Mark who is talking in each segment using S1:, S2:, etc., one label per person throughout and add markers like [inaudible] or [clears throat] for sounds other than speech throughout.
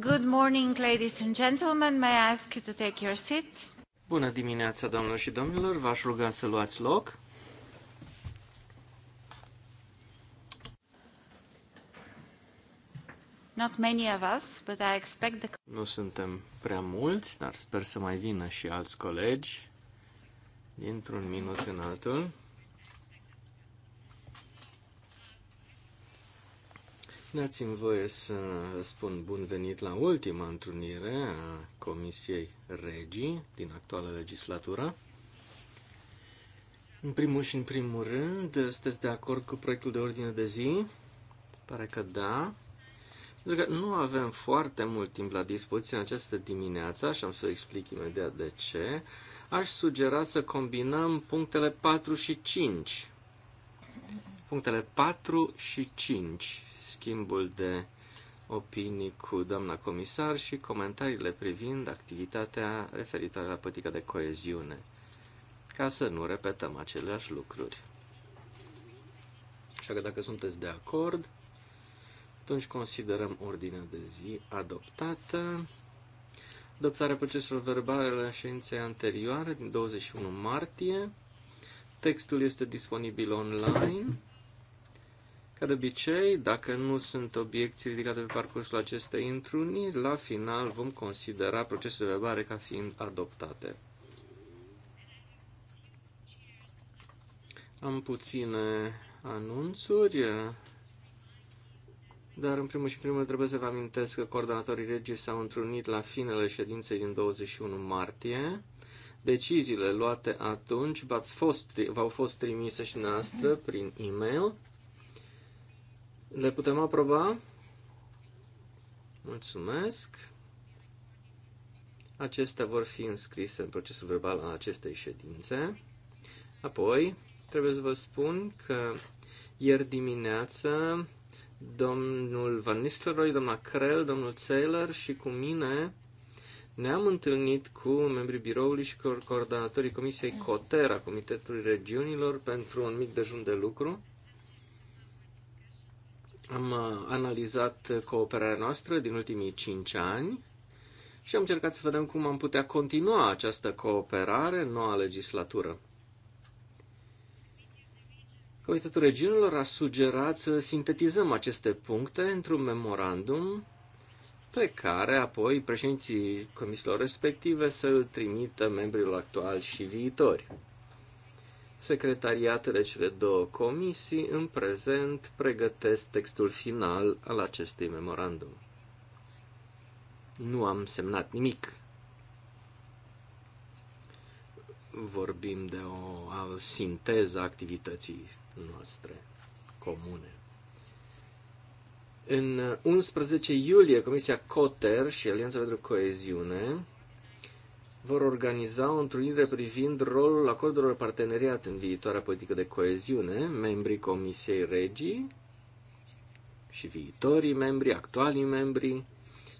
S1: Good morning, ladies and gentlemen. May I ask you to take your seats?
S2: Bună dimineața, doamnelor și domnilor. V-aș ruga să luați loc.
S1: Not many of us, but I expect the...
S2: Nu suntem prea mulți, dar sper să mai vină și alți colegi dintr-un minut în altul. Dați-mi voie să spun bun venit la ultima întrunire a Comisiei Regii din actuala legislatură. În primul și în primul rând, sunteți de acord cu proiectul de ordine de zi? Pare că da. Pentru că nu avem foarte mult timp la dispoziție în această dimineață, și am să explic imediat de ce. Aș sugera să combinăm punctele 4 și 5. Punctele 4 și 5 schimbul de opinii cu doamna comisar și comentariile privind activitatea referitoare la politica de coeziune, ca să nu repetăm aceleași lucruri. Așa că dacă sunteți de acord, atunci considerăm ordinea de zi adoptată. Adoptarea proceselor verbale la ședinței anterioare din 21 martie. Textul este disponibil online. Ca de obicei, dacă nu sunt obiecții ridicate pe parcursul acestei întruniri, la final vom considera procesele verbale ca fiind adoptate. Am puține anunțuri, dar în primul și primul trebuie să vă amintesc că coordonatorii regii s-au întrunit la finele ședinței din 21 martie. Deciziile luate atunci v-au fost, trimise și noastră prin e-mail. Le putem aproba? Mulțumesc. Acestea vor fi înscrise în procesul verbal al acestei ședințe. Apoi, trebuie să vă spun că ieri dimineață domnul Van Nistelrooy, doamna Krell, domnul Taylor și cu mine ne-am întâlnit cu membrii biroului și coordonatorii Comisiei COTERA, Comitetului Regiunilor, pentru un mic dejun de lucru am uh, analizat cooperarea noastră din ultimii cinci ani și am încercat să vedem cum am putea continua această cooperare în noua legislatură. Comitetul Regiunilor a sugerat să sintetizăm aceste puncte într-un memorandum pe care apoi președinții comisiilor respective să îl trimită membrilor actuali și viitori. Secretariatele cele două comisii în prezent pregătesc textul final al acestui memorandum. Nu am semnat nimic. Vorbim de o, sinteză a activității noastre comune. În 11 uh, iulie, Comisia COTER și Alianța pentru Coeziune vor organiza o întrunire privind rolul acordurilor parteneriat în viitoarea politică de coeziune, membrii Comisiei Regii și viitorii membri, actualii membri,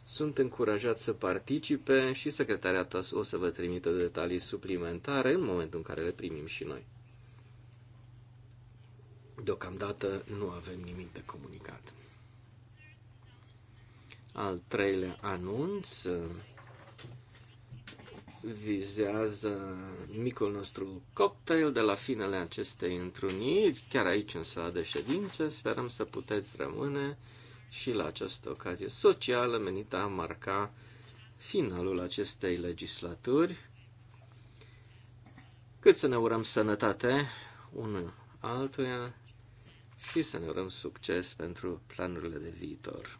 S2: sunt încurajați să participe și secretariatul o să vă trimită detalii suplimentare în momentul în care le primim și noi. Deocamdată nu avem nimic de comunicat. Al treilea anunț, vizează micul nostru cocktail de la finele acestei întruniri, chiar aici în sala de ședință. Sperăm să puteți rămâne și la această ocazie socială menită a marca finalul acestei legislaturi. Cât să ne urăm sănătate unul altuia și să ne urăm succes pentru planurile de viitor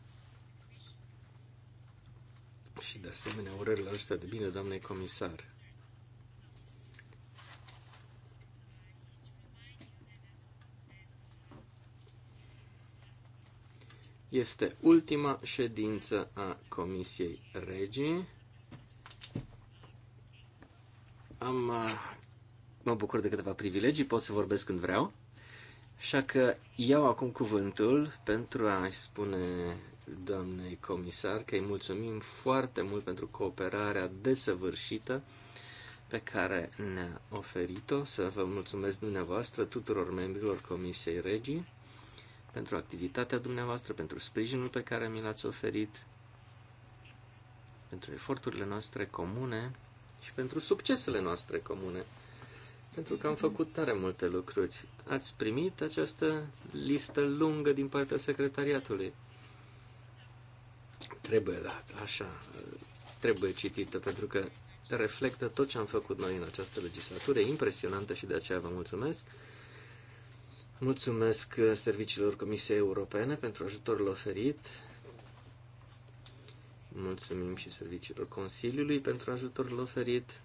S2: și de asemenea urările astea de bine, doamne comisar. Este ultima ședință a Comisiei Regii. Am, uh, mă bucur de câteva privilegii, pot să vorbesc când vreau. Așa că iau acum cuvântul pentru a-i spune doamnei comisar că îi mulțumim foarte mult pentru cooperarea desăvârșită pe care ne-a oferit-o. Să vă mulțumesc dumneavoastră, tuturor membrilor Comisiei Regii, pentru activitatea dumneavoastră, pentru sprijinul pe care mi l-ați oferit, pentru eforturile noastre comune și pentru succesele noastre comune. Pentru că am făcut tare multe lucruri. Ați primit această listă lungă din partea secretariatului trebuie dat așa, trebuie citită, pentru că reflectă tot ce am făcut noi în această legislatură, e impresionantă și de aceea vă mulțumesc. Mulțumesc serviciilor Comisiei Europene pentru ajutorul oferit. Mulțumim și serviciilor Consiliului pentru ajutorul oferit.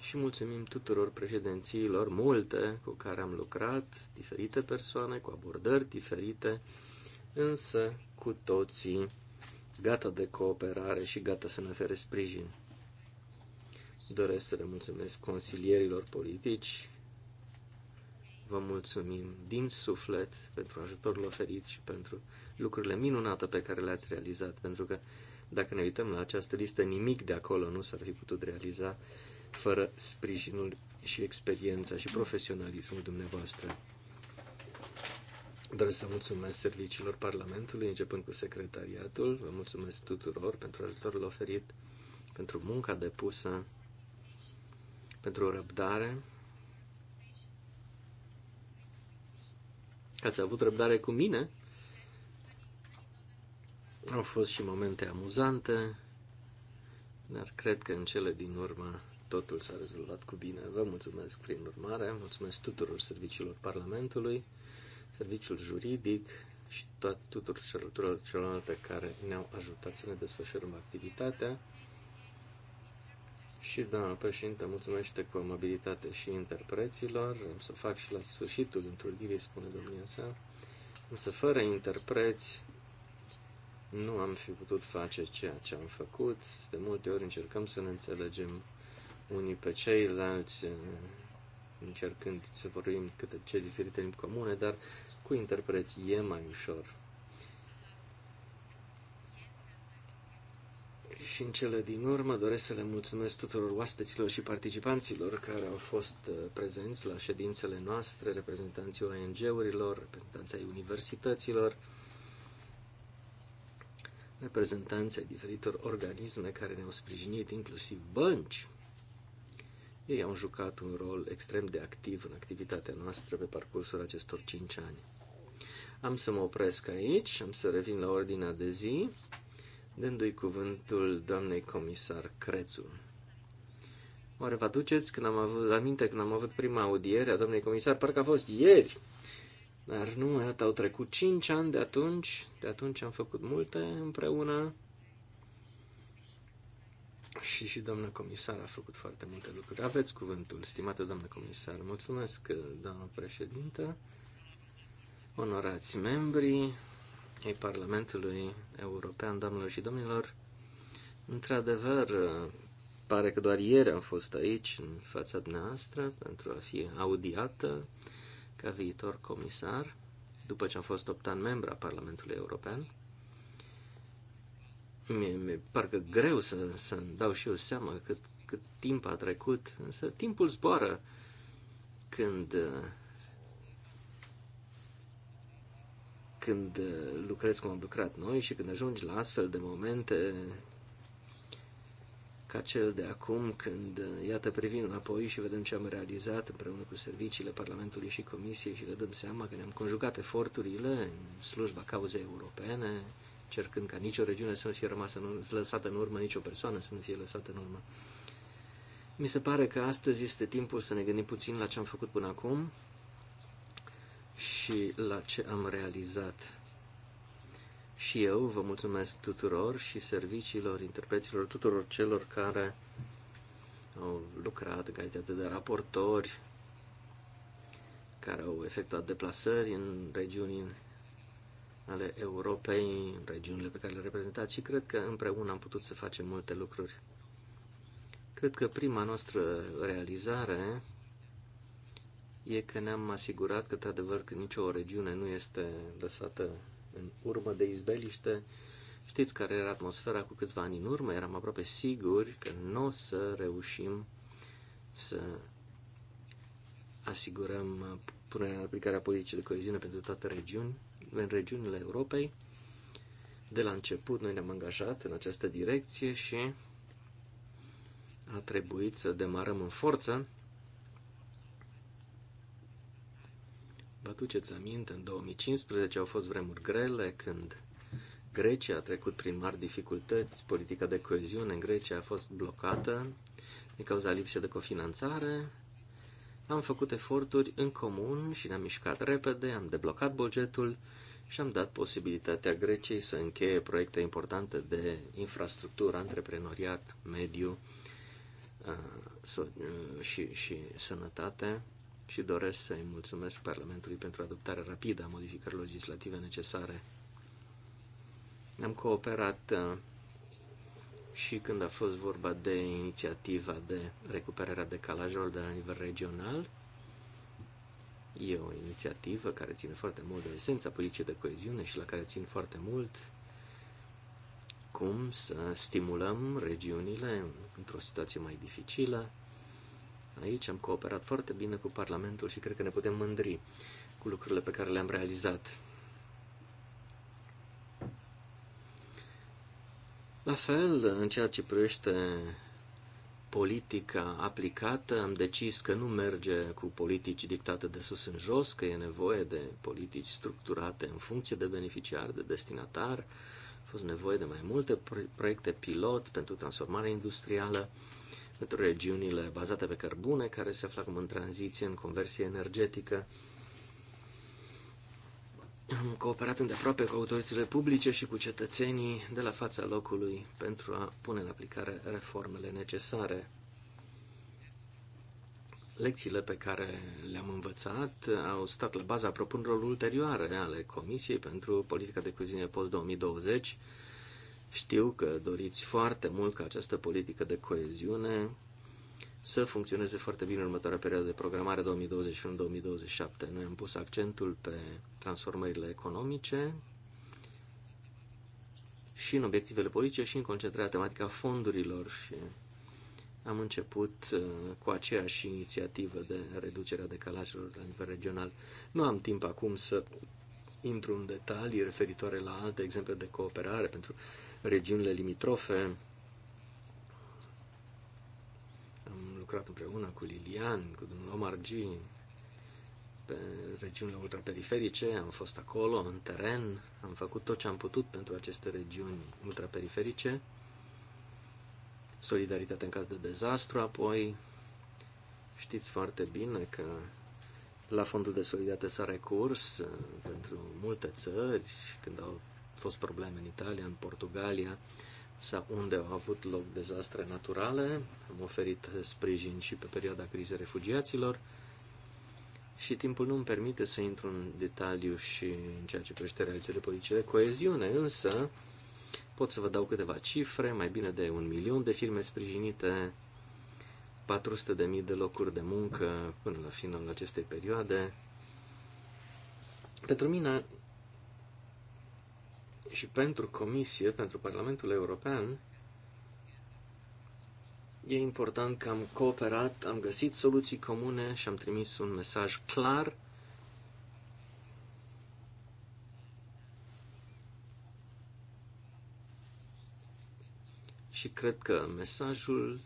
S2: Și mulțumim tuturor președințiilor, multe, cu care am lucrat, diferite persoane, cu abordări diferite însă cu toții gata de cooperare și gata să ne ofere sprijin. Doresc să le mulțumesc consilierilor politici. Vă mulțumim din suflet pentru ajutorul oferit și pentru lucrurile minunate pe care le-ați realizat, pentru că dacă ne uităm la această listă, nimic de acolo nu s-ar fi putut realiza fără sprijinul și experiența și profesionalismul dumneavoastră. Doresc să mulțumesc serviciilor Parlamentului, începând cu secretariatul. Vă mulțumesc tuturor pentru ajutorul oferit, pentru munca depusă, pentru răbdare. Că ați avut răbdare cu mine. Au fost și momente amuzante, dar cred că în cele din urmă totul s-a rezolvat cu bine. Vă mulțumesc prin urmare, mulțumesc tuturor serviciilor Parlamentului serviciul juridic și toat, tuturor celor, celorlalte care ne-au ajutat să ne desfășurăm activitatea. Și da, președinte, mulțumește cu amabilitate și interpreților. Am să fac și la sfârșitul întâlnirii, spune domnia sa. Însă fără interpreți nu am fi putut face ceea ce am făcut. De multe ori încercăm să ne înțelegem unii pe ceilalți, încercând să vorbim câte ce diferite limbi comune, dar cu interpreți e mai ușor. Și în cele din urmă doresc să le mulțumesc tuturor oaspeților și participanților care au fost uh, prezenți la ședințele noastre, reprezentanții ONG-urilor, reprezentanții universităților, reprezentanții diferitor organisme care ne-au sprijinit, inclusiv bănci, ei au jucat un rol extrem de activ în activitatea noastră pe parcursul acestor 5 ani. Am să mă opresc aici, am să revin la ordinea de zi, dându-i cuvântul doamnei comisar Crețu. Oare vă aduceți când am avut, aminte când am avut prima audiere a doamnei comisar? Parcă a fost ieri. Dar nu, iată, au trecut 5 ani de atunci, de atunci am făcut multe împreună. Și și doamna comisar a făcut foarte multe lucruri. Aveți cuvântul, stimată doamnă comisar. Mulțumesc, uh, doamnă președintă, onorați membrii ai Parlamentului European, doamnelor și domnilor. Într-adevăr, uh, pare că doar ieri am fost aici, în fața dumneavoastră, pentru a fi audiată ca viitor comisar, după ce am fost optan ani membru a Parlamentului European mi-e, mi-e parcă greu să, să-mi dau și eu seama cât, cât timp a trecut, însă timpul zboară când când lucrez cum am lucrat noi și când ajungi la astfel de momente ca cel de acum, când, iată, privim înapoi și vedem ce am realizat împreună cu serviciile Parlamentului și Comisiei și le dăm seama că ne-am conjugat eforturile în slujba cauzei europene, cercând ca nicio regiune să nu fie rămasă în, lăsată în urmă, nicio persoană să nu fie lăsată în urmă. Mi se pare că astăzi este timpul să ne gândim puțin la ce am făcut până acum și la ce am realizat. Și eu vă mulțumesc tuturor și serviciilor, interpreților, tuturor celor care au lucrat în calitate de raportori, care au efectuat deplasări în regiuni ale Europei, în regiunile pe care le reprezentați și cred că împreună am putut să facem multe lucruri. Cred că prima noastră realizare e că ne-am asigurat că, de adevăr că nicio regiune nu este lăsată în urmă de izbeliște. Știți care era atmosfera cu câțiva ani în urmă? Eram aproape siguri că nu o să reușim să asigurăm punerea în aplicare a politicii de coeziune pentru toate regiunile în regiunile Europei. De la început noi ne-am angajat în această direcție și a trebuit să demarăm în forță. Vă aduceți aminte, în 2015 au fost vremuri grele când Grecia a trecut prin mari dificultăți, politica de coeziune în Grecia a fost blocată din cauza lipsei de cofinanțare. Am făcut eforturi în comun și ne-am mișcat repede, am deblocat bugetul și am dat posibilitatea Greciei să încheie proiecte importante de infrastructură, antreprenoriat, mediu uh, uh, și, și sănătate și doresc să-i mulțumesc Parlamentului pentru adoptarea rapidă a modificărilor legislative necesare. Am cooperat uh, și când a fost vorba de inițiativa de recuperarea decalajelor de la nivel regional, E o inițiativă care ține foarte mult de esența politicii de coeziune și la care țin foarte mult cum să stimulăm regiunile într-o situație mai dificilă. Aici am cooperat foarte bine cu Parlamentul și cred că ne putem mândri cu lucrurile pe care le-am realizat. La fel, în ceea ce privește politica aplicată, am decis că nu merge cu politici dictate de sus în jos, că e nevoie de politici structurate în funcție de beneficiar, de destinatar. A fost nevoie de mai multe proiecte pilot pentru transformare industrială, pentru regiunile bazate pe cărbune, care se află acum în tranziție, în conversie energetică. Am cooperat îndeaproape cu autoritățile publice și cu cetățenii de la fața locului pentru a pune în aplicare reformele necesare. Lecțiile pe care le-am învățat au stat la baza propunerilor ulterioare ale Comisiei pentru politica de coeziune post-2020. Știu că doriți foarte mult ca această politică de coeziune să funcționeze foarte bine în următoarea perioadă de programare 2021-2027. Noi am pus accentul pe transformările economice și în obiectivele politice și în concentrarea tematică a fondurilor și am început uh, cu aceeași inițiativă de reducerea decalajelor la nivel regional. Nu am timp acum să intru în detalii referitoare la alte exemple de cooperare pentru regiunile limitrofe, lucrat împreună cu Lilian, cu domnul Omar G, pe regiunile ultraperiferice, am fost acolo, în teren, am făcut tot ce am putut pentru aceste regiuni ultraperiferice, solidaritate în caz de dezastru, apoi știți foarte bine că la fondul de solidaritate s-a recurs uh, pentru multe țări, când au fost probleme în Italia, în Portugalia, sau unde au avut loc dezastre naturale. Am oferit sprijin și pe perioada crizei refugiaților și timpul nu îmi permite să intru în detaliu și în ceea ce privește realizările politice de coeziune, însă pot să vă dau câteva cifre, mai bine de un milion de firme sprijinite, 400.000 de, de locuri de muncă până la finalul acestei perioade. Pentru mine, și pentru Comisie, pentru Parlamentul European, e important că am cooperat, am găsit soluții comune și am trimis un mesaj clar Și cred că mesajul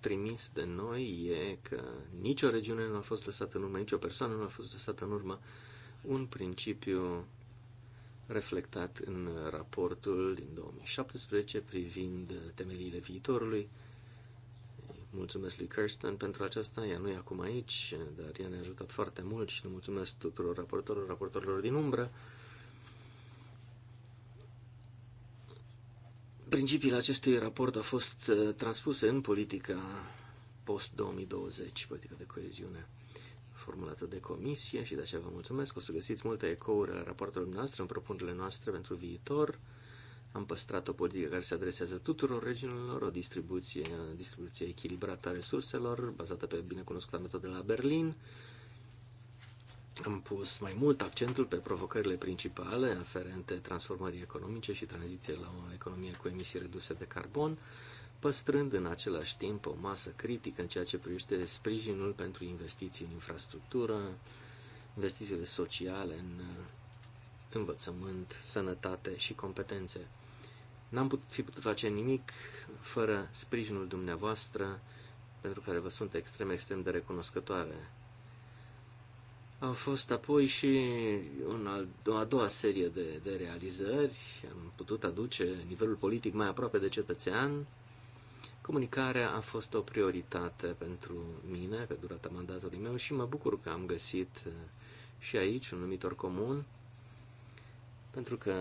S2: trimis de noi e că nicio regiune nu a fost lăsată în urmă, nicio persoană nu a fost lăsată în urmă. Un principiu reflectat în raportul din 2017 privind temeliile viitorului. Mulțumesc lui Kirsten pentru aceasta, ea nu e acum aici, dar ea ne-a ajutat foarte mult și le mulțumesc tuturor raportorilor, raportorilor din umbră. Principiile acestui raport au fost uh, transpuse în politica post-2020, politica de coeziune formulată de comisie și de aceea vă mulțumesc. O să găsiți multe ecouri la raportul noastre, în propunerile noastre pentru viitor. Am păstrat o politică care se adresează tuturor regiunilor, o distribuție, distribuție echilibrată a resurselor, bazată pe binecunoscuta metodă la Berlin. Am pus mai mult accentul pe provocările principale aferente transformării economice și tranziției la o economie cu emisii reduse de carbon păstrând în același timp o masă critică în ceea ce privește sprijinul pentru investiții în infrastructură, investițiile sociale în uh, învățământ, sănătate și competențe. N-am put, fi putut face nimic fără sprijinul dumneavoastră, pentru care vă sunt extrem, extrem de recunoscătoare. Au fost apoi și un al, o a doua serie de, de realizări. Am putut aduce nivelul politic mai aproape de cetățean, Comunicarea a fost o prioritate pentru mine pe durata mandatului meu și mă bucur că am găsit uh, și aici un numitor comun, pentru că,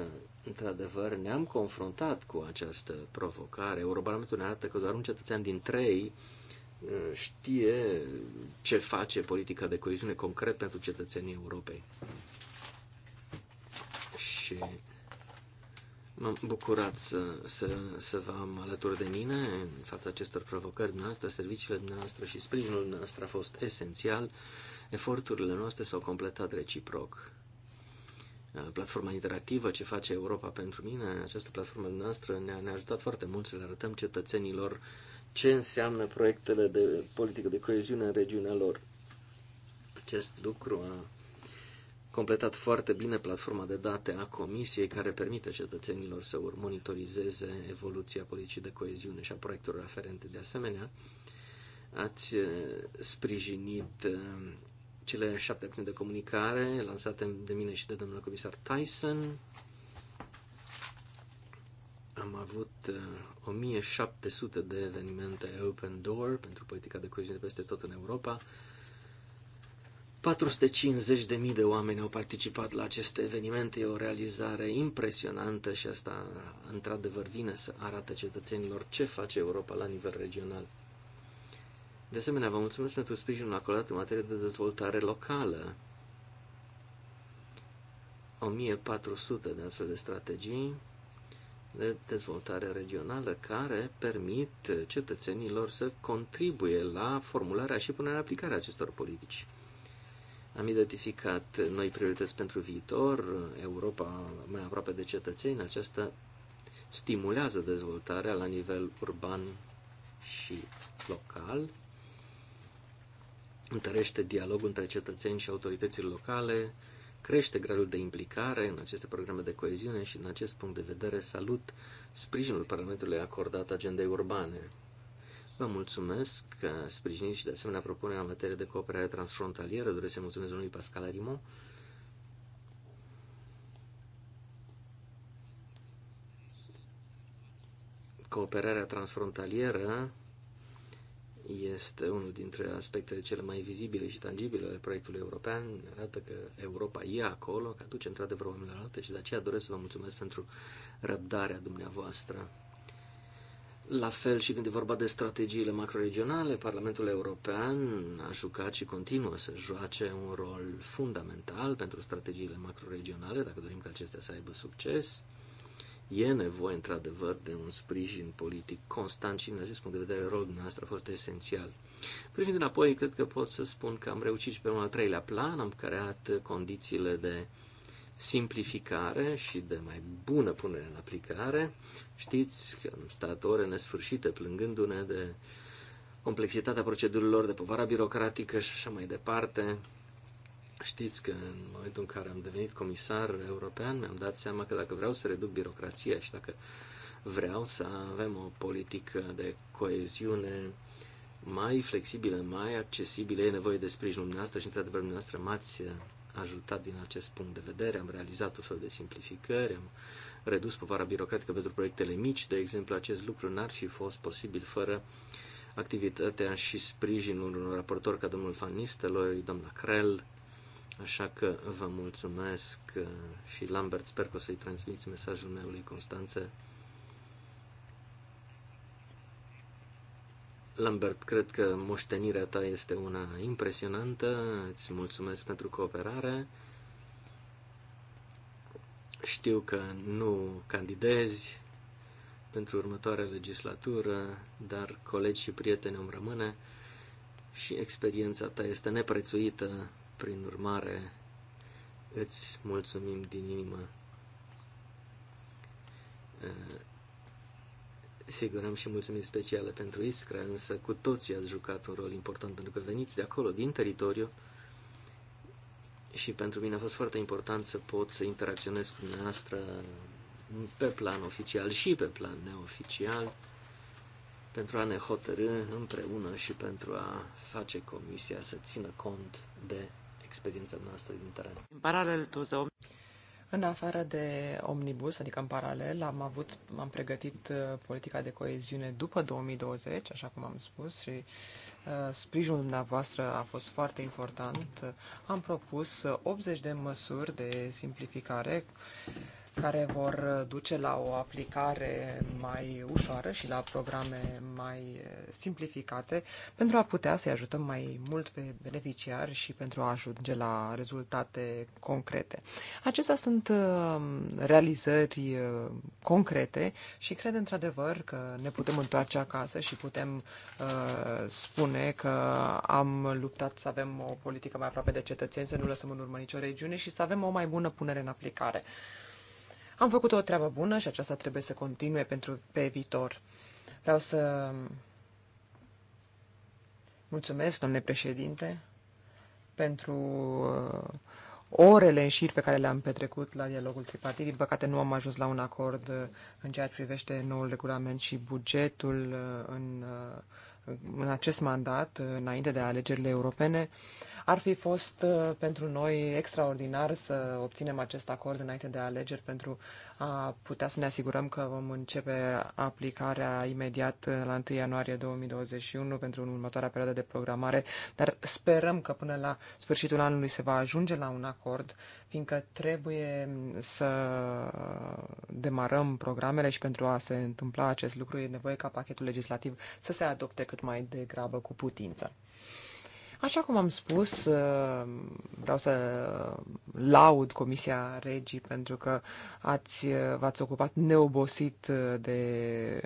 S2: într-adevăr, ne-am confruntat cu această provocare. Eurobarometrul ne arată că doar un cetățean din trei uh, știe ce face politica de coeziune concret pentru cetățenii Europei. Și M-am bucurat să, să, să vă am alături de mine în fața acestor provocări noastre, serviciile noastre și sprijinul nostru a fost esențial. Eforturile noastre s-au completat reciproc. Uh, platforma interactivă ce face Europa pentru mine, această platformă noastră ne-a, ne-a ajutat foarte mult să le arătăm cetățenilor ce înseamnă proiectele de politică de coeziune în regiunea lor. Acest lucru a completat foarte bine platforma de date a Comisiei care permite cetățenilor să monitorizeze evoluția politicii de coeziune și a proiectelor aferente. De asemenea, ați eh, sprijinit eh, cele șapte acțiuni de comunicare lansate de mine și de domnul comisar Tyson. Am avut 1700 eh, de evenimente Open Door pentru politica de coeziune peste tot în Europa 450.000 de oameni au participat la aceste evenimente. E o realizare impresionantă și asta, într-adevăr, vine să arate cetățenilor ce face Europa la nivel regional. De asemenea, vă mulțumesc pentru sprijinul acordat în materie de dezvoltare locală. 1400 de astfel de strategii de dezvoltare regională care permit cetățenilor să contribuie la formularea și punerea în aplicare acestor politici. Am identificat noi priorități pentru viitor, Europa mai aproape de cetățeni, aceasta stimulează dezvoltarea la nivel urban și local, întărește dialogul între cetățeni și autoritățile locale, crește gradul de implicare în aceste programe de coeziune și, în acest punct de vedere, salut sprijinul Parlamentului acordat agendei urbane. Vă mulțumesc că sprijiniți și de asemenea propunerea în materie de cooperare transfrontalieră. Doresc să mulțumesc domnului Pascal Arimo. Cooperarea transfrontalieră este unul dintre aspectele cele mai vizibile și tangibile ale proiectului european. Arată că Europa e acolo, că aduce într-adevăr oamenii la altă și de aceea doresc să vă mulțumesc pentru răbdarea dumneavoastră. La fel și când e vorba de strategiile macroregionale, Parlamentul European a jucat și continuă să joace un rol fundamental pentru strategiile macroregionale, dacă dorim ca acestea să aibă succes. E nevoie, într-adevăr, de un sprijin politic constant și, din acest punct de vedere, rolul dumneavoastră a fost esențial. Privind înapoi, cred că pot să spun că am reușit și pe un al treilea plan, am creat condițiile de uh, simplificare și de mai bună punere în aplicare. Știți că am stat ore nesfârșite plângându-ne de complexitatea procedurilor, de povara birocratică și așa mai departe. Știți că în momentul în care am devenit comisar european, mi-am dat seama că dacă vreau să reduc birocrația și dacă vreau să avem o politică de coeziune mai flexibilă, mai accesibilă, e nevoie de sprijinul dumneavoastră și, într-adevăr, dumneavoastră m-ați ajutat din acest punct de vedere, am realizat un fel de simplificări, am redus povara birocratică pentru proiectele mici, de exemplu, acest lucru n-ar fi fost posibil fără activitatea și sprijinul unor raportori ca domnul Van Nistelrooy, doamna Krell, așa că vă mulțumesc uh, și Lambert, sper că o să-i transmiți mesajul meu lui Constanță. Lambert, cred că moștenirea ta este una impresionantă. Îți mulțumesc pentru cooperare. Știu că nu candidezi pentru următoarea legislatură, dar colegi și prieteni îmi rămâne și experiența ta este neprețuită. Prin urmare, îți mulțumim din inimă Sigur, am și mulțumiri speciale pentru Iscra, însă cu toții ați jucat un rol important pentru că veniți de acolo, din teritoriu. Și pentru mine a fost foarte important să pot să interacționez cu dumneavoastră pe plan oficial și pe plan neoficial pentru a ne hotărâ împreună și pentru a face comisia să țină cont de experiența noastră din teren. În
S3: paralel, tu în afară de omnibus, adică în paralel, am avut, am pregătit uh, politica de coeziune după 2020, așa cum am spus, și uh, sprijinul dumneavoastră a fost foarte important. Am propus 80 uh, de măsuri de simplificare care vor uh, duce la o aplicare mai ușoară și la programe mai uh, simplificate pentru a putea să-i ajutăm mai mult pe beneficiari și pentru a ajunge la rezultate concrete. Acestea sunt uh, realizări concrete și cred într-adevăr că ne putem întoarce acasă și putem uh, spune că am luptat să avem o politică mai aproape de cetățeni, să nu lăsăm în urmă nicio regiune și să avem o mai bună punere în aplicare. Am făcut o treabă bună și aceasta trebuie să continue pentru pe viitor. Vreau să mulțumesc, domnule președinte, pentru uh, orele în șir pe care le-am petrecut la dialogul tripartit. Din păcate nu am ajuns la un acord uh, în ceea ce privește noul regulament și bugetul uh, în, în acest mandat, înainte de alegerile europene. Ar fi fost uh, pentru noi extraordinar să obținem acest acord înainte de alegeri pentru a putea să ne asigurăm că vom începe aplicarea imediat uh, la 1 ianuarie 2021 pentru următoarea perioadă de programare, dar sperăm că până la sfârșitul anului se va ajunge la un acord, fiindcă trebuie să demarăm programele și pentru a se întâmpla acest lucru e nevoie ca pachetul legislativ să se adopte cât mai degrabă cu putință. Așa cum am spus, uh, vreau să laud Comisia Regii pentru că ați, uh, v-ați ocupat neobosit uh, de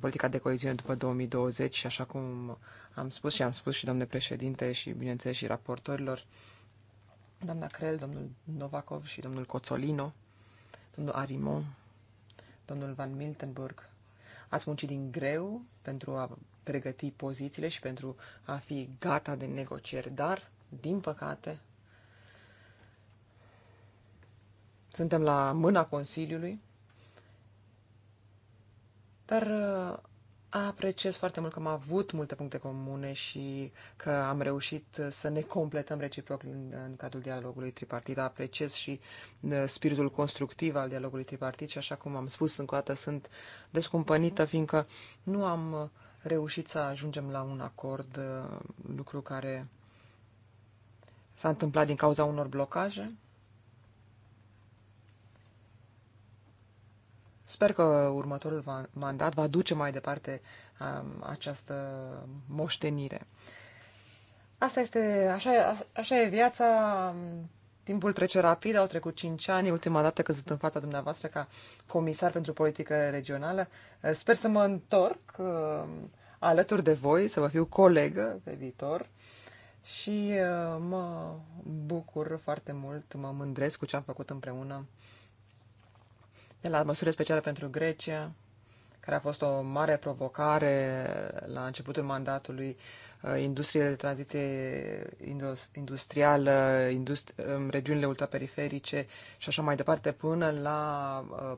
S3: politica de coeziune după 2020 și așa cum am spus și am spus și domnule președinte și bineînțeles și raportorilor, doamna Crel, domnul Novakov și domnul Coțolino, domnul Arimon, domnul Van Miltenburg, ați muncit din greu pentru a pregăti pozițiile și pentru a fi gata de negocieri, dar, din păcate, suntem la mâna Consiliului, dar Apreciez foarte mult că am avut multe puncte comune și că am reușit să ne completăm reciproc în, în cadrul dialogului tripartit. Apreciez și uh, spiritul constructiv al dialogului tripartit și, așa cum am spus, încă o dată sunt descumpănită, fiindcă nu am uh, reușit să ajungem la un acord, uh, lucru care s-a întâmplat din cauza unor blocaje Sper că următorul mandat va duce mai departe um, această moștenire. Asta este, așa, așa e viața, um, timpul trece rapid, au trecut 5 ani, ultima dată când sunt în fața dumneavoastră ca comisar pentru politică regională. Uh, sper să mă întorc um, alături de voi, să vă fiu colegă pe viitor și uh, mă bucur foarte mult, mă mândresc cu ce am făcut împreună de la măsurile speciale pentru Grecia, care a fost o mare provocare la începutul mandatului, uh, industriile de tranziție industrială, industri um, regiunile ultraperiferice și așa mai departe, până la uh,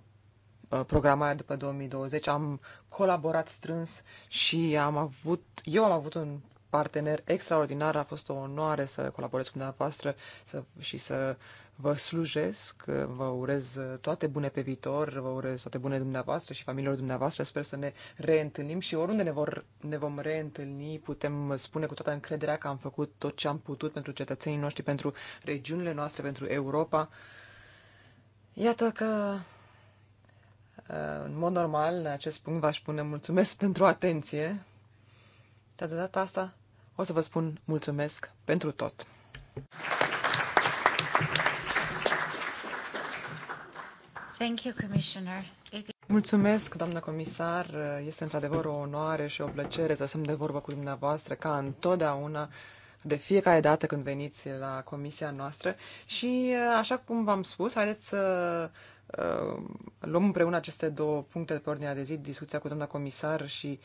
S3: uh, programarea după 2020. Am colaborat strâns și am avut, eu am avut un partener extraordinar, a fost o onoare să colaborez cu dumneavoastră să, și să uh, Vă slujesc, vă urez toate bune pe viitor, vă urez toate bune dumneavoastră și familiilor dumneavoastră. Sper să ne reîntâlnim și oriunde ne, vor, ne vom reîntâlni, putem spune cu toată încrederea că am făcut tot ce am putut pentru cetățenii noștri, pentru regiunile noastre, pentru Europa. Iată că, uh, în mod normal, în acest punct v-aș spune mulțumesc [laughs] pentru atenție. Dar de data asta o să vă spun mulțumesc pentru tot.
S1: Thank you, Commissioner.
S3: Mulțumesc, doamnă comisar. Este într-adevăr o onoare și o plăcere să sunt de vorbă cu dumneavoastră, ca întotdeauna, de fiecare dată când veniți la comisia noastră. Și, așa cum v-am spus, haideți să uh, luăm împreună aceste două puncte de pe ordinea de zi, discuția cu doamna comisar și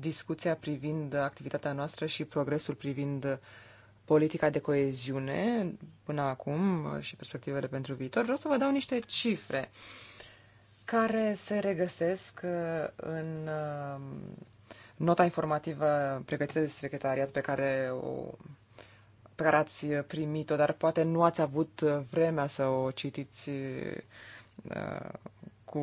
S3: discuția privind activitatea noastră și progresul privind uh, politica de coeziune până acum uh, și perspectivele pentru viitor, vreau să vă dau niște cifre care se regăsesc uh, în uh, nota informativă pregătită de secretariat pe care o pe care ați primit-o, dar poate nu ați avut vremea să o citiți uh, cu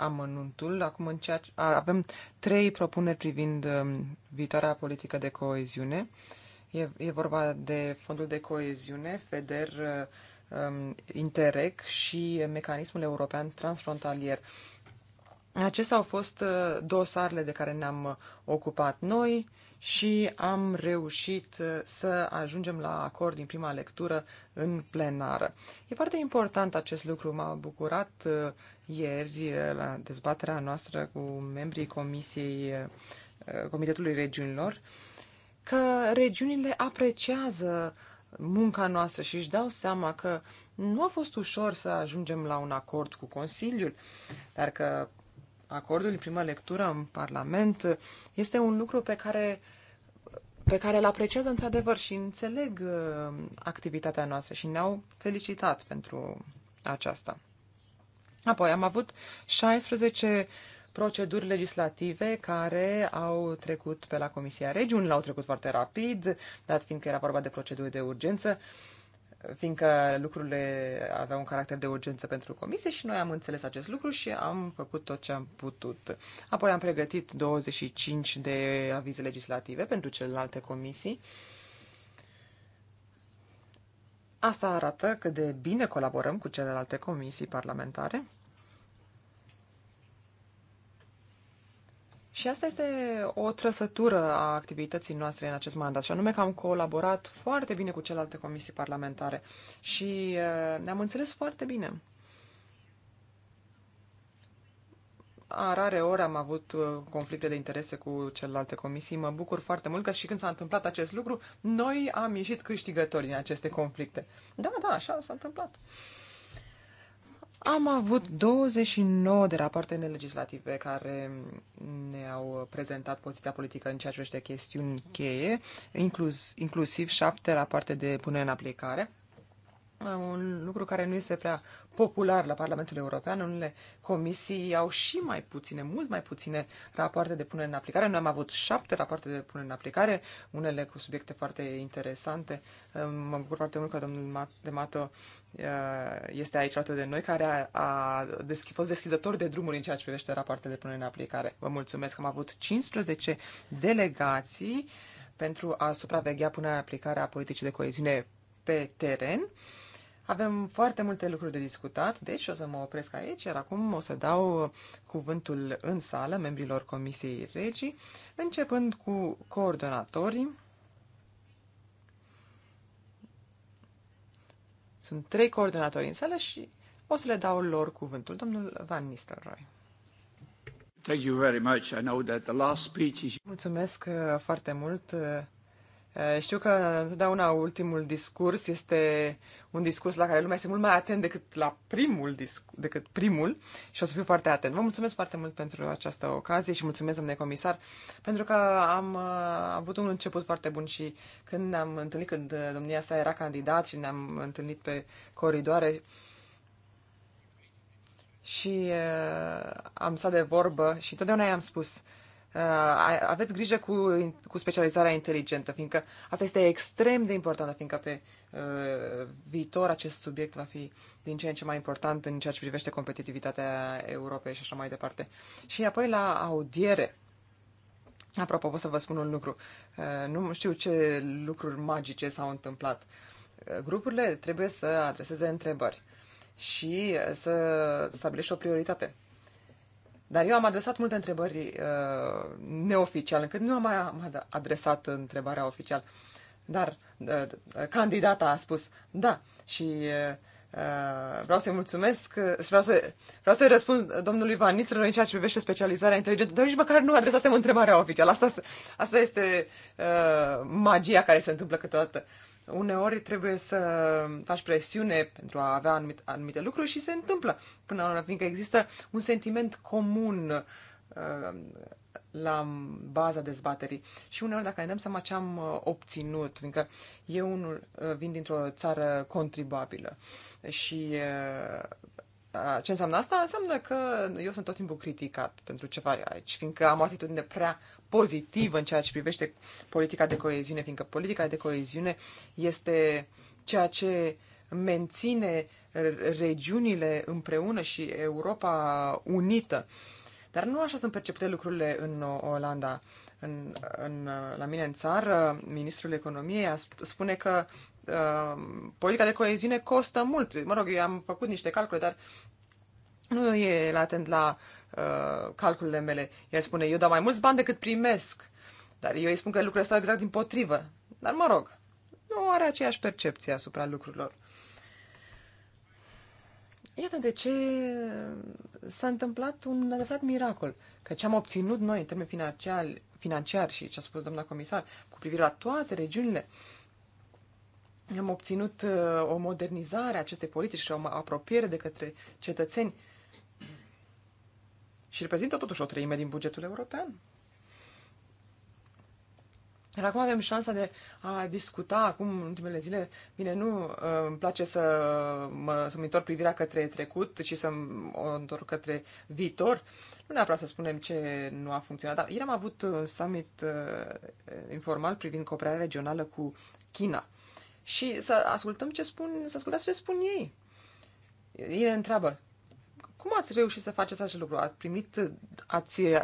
S3: amănuntul. Acum în ceea ce, avem trei propuneri privind um, viitoarea politică de coeziune. E, e vorba de fondul de coeziune, FEDER, uh, um, Interreg și mecanismul european transfrontalier. Acestea au fost uh, dosarele de care ne-am uh, ocupat noi și am reușit uh, să ajungem la acord din prima lectură în plenară. E foarte important acest lucru. M-a bucurat uh, ieri uh, la dezbaterea noastră cu membrii Comisiei Comitetului Regiunilor că regiunile apreciază munca noastră și își dau seama că nu a fost ușor să ajungem la un acord cu Consiliul, dar că acordul prima primă lectură în Parlament este un lucru pe care pe care îl apreciez într-adevăr și înțeleg uh, activitatea noastră și ne-au felicitat pentru aceasta. Apoi am avut 16 proceduri legislative care au trecut pe la Comisia Regiunilor, l-au trecut foarte rapid, dat fiindcă era vorba de proceduri de urgență fiindcă lucrurile aveau un caracter de urgență pentru comisie și noi am înțeles acest lucru și am făcut tot ce am putut. Apoi am pregătit 25 de avize legislative pentru celelalte comisii. Asta arată cât de bine colaborăm cu celelalte comisii parlamentare. Și asta este o trăsătură a activității noastre în acest mandat, și anume că am colaborat foarte bine cu celelalte comisii parlamentare și ne-am înțeles foarte bine. A rare ori am avut conflicte de interese cu celelalte comisii. Mă bucur foarte mult că și când s-a întâmplat acest lucru, noi am ieșit câștigători în aceste conflicte. Da, da, așa s-a întâmplat. Uh, am avut 29 de rapoarte nelegislative care ne-au prezentat poziția politică în ceea ce privește chestiuni cheie, inclus, inclusiv șapte rapoarte de punere în aplicare un lucru care nu este prea popular la Parlamentul European. Unele comisii au și mai puține, mult mai puține rapoarte de punere în aplicare. Noi am avut șapte rapoarte de punere în aplicare, unele cu subiecte foarte interesante. Mă bucur foarte mult că domnul de Mato uh, este aici alături de noi, care a, a deschis, fost deschizător de drumuri în ceea ce privește rapoartele de punere în aplicare. Vă mulțumesc, am avut 15 delegații pentru a supraveghea punerea în aplicare a politicii de coeziune pe teren. Avem foarte multe lucruri de discutat, deci o să mă opresc aici, iar acum o să dau cuvântul în sală membrilor Comisiei Regii, începând cu coordonatorii. Sunt trei coordonatori în sală și o să le dau lor cuvântul. Domnul Van
S2: Nistelrooy. Thank you very much. I know that the last speech is...
S3: Mulțumesc uh, foarte mult. Uh, Eh, știu că întotdeauna ultimul discurs este un discurs la care lumea este mult mai atent decât la primul decât primul și o să fiu foarte atent. Vă mulțumesc foarte mult pentru această ocazie și mulțumesc, domnule comisar, pentru că am, eh, avut un început foarte bun și când ne-am întâlnit, când eh, domnia sa era candidat și ne-am întâlnit pe coridoare și uh, am stat de vorbă și totdeauna i-am spus uh, Uh, aveți grijă cu, cu specializarea inteligentă, fiindcă asta este extrem de importantă, fiindcă pe uh, viitor acest subiect va fi din ce în ce mai important în ceea ce privește competitivitatea Europei și așa mai departe. Și apoi la audiere. Apropo, pot să vă spun un lucru. Uh, nu știu ce lucruri magice s-au întâmplat. Uh, grupurile trebuie să adreseze întrebări și uh, să stabilești o prioritate. Dar eu am adresat multe întrebări uh, neoficial, încât nu am mai am adresat întrebarea oficial. Dar uh, uh, candidata a spus da și uh, uh vreau să-i mulțumesc uh, vreau, să, vreau să-i răspund domnului Van Nistrăl în ceea ce privește specializarea inteligentă, dar nici măcar nu adresasem întrebarea oficială. Asta, asta este uh, magia care se întâmplă câteodată. Uh, uneori trebuie să faci presiune pentru a avea anumite, anumite lucruri și se întâmplă până la fiindcă există un sentiment comun uh, la baza dezbaterii. Și uneori, dacă ne dăm seama ce am uh, obținut, fiindcă eu unul uh, vin dintr-o țară contribuabilă și ce înseamnă asta? Înseamnă că eu sunt tot timpul criticat pentru ceva aici, fiindcă am o atitudine prea pozitiv în ceea ce privește politica de coeziune, fiindcă politica de coeziune este ceea ce menține regiunile împreună și Europa unită. Dar nu așa sunt percepute lucrurile în Olanda. În, în, la mine în țară, ministrul economiei spune că uh, politica de coeziune costă mult. Mă rog, eu am făcut niște calcule, dar nu e latent la uh, Uh, calculele mele. El spune, eu dau mai mulți bani decât primesc. Dar eu îi spun că lucrurile stau exact din potrivă. Dar mă rog, nu are aceeași percepție asupra lucrurilor. Iată de ce s-a întâmplat un adevărat miracol. Că ce am obținut noi în termeni financiari, financiar și ce a spus doamna comisar cu privire la toate regiunile, am obținut uh, o modernizare a acestei politici și o apropiere de către cetățeni și reprezintă totuși o treime din bugetul european. Iar acum avem șansa de a discuta, acum, în ultimele zile, bine, nu uh, îmi place să mă, să-mi întorc privirea către trecut, ci să mă întorc către viitor. Nu neapărat să spunem ce nu a funcționat, dar ieri am avut un summit uh, informal privind cooperarea regională cu China. Și să ascultăm ce spun, să ascultați ce spun ei. Ei întreabă, cum ați reușit să faceți acest lucru? Ați primit, ați uh,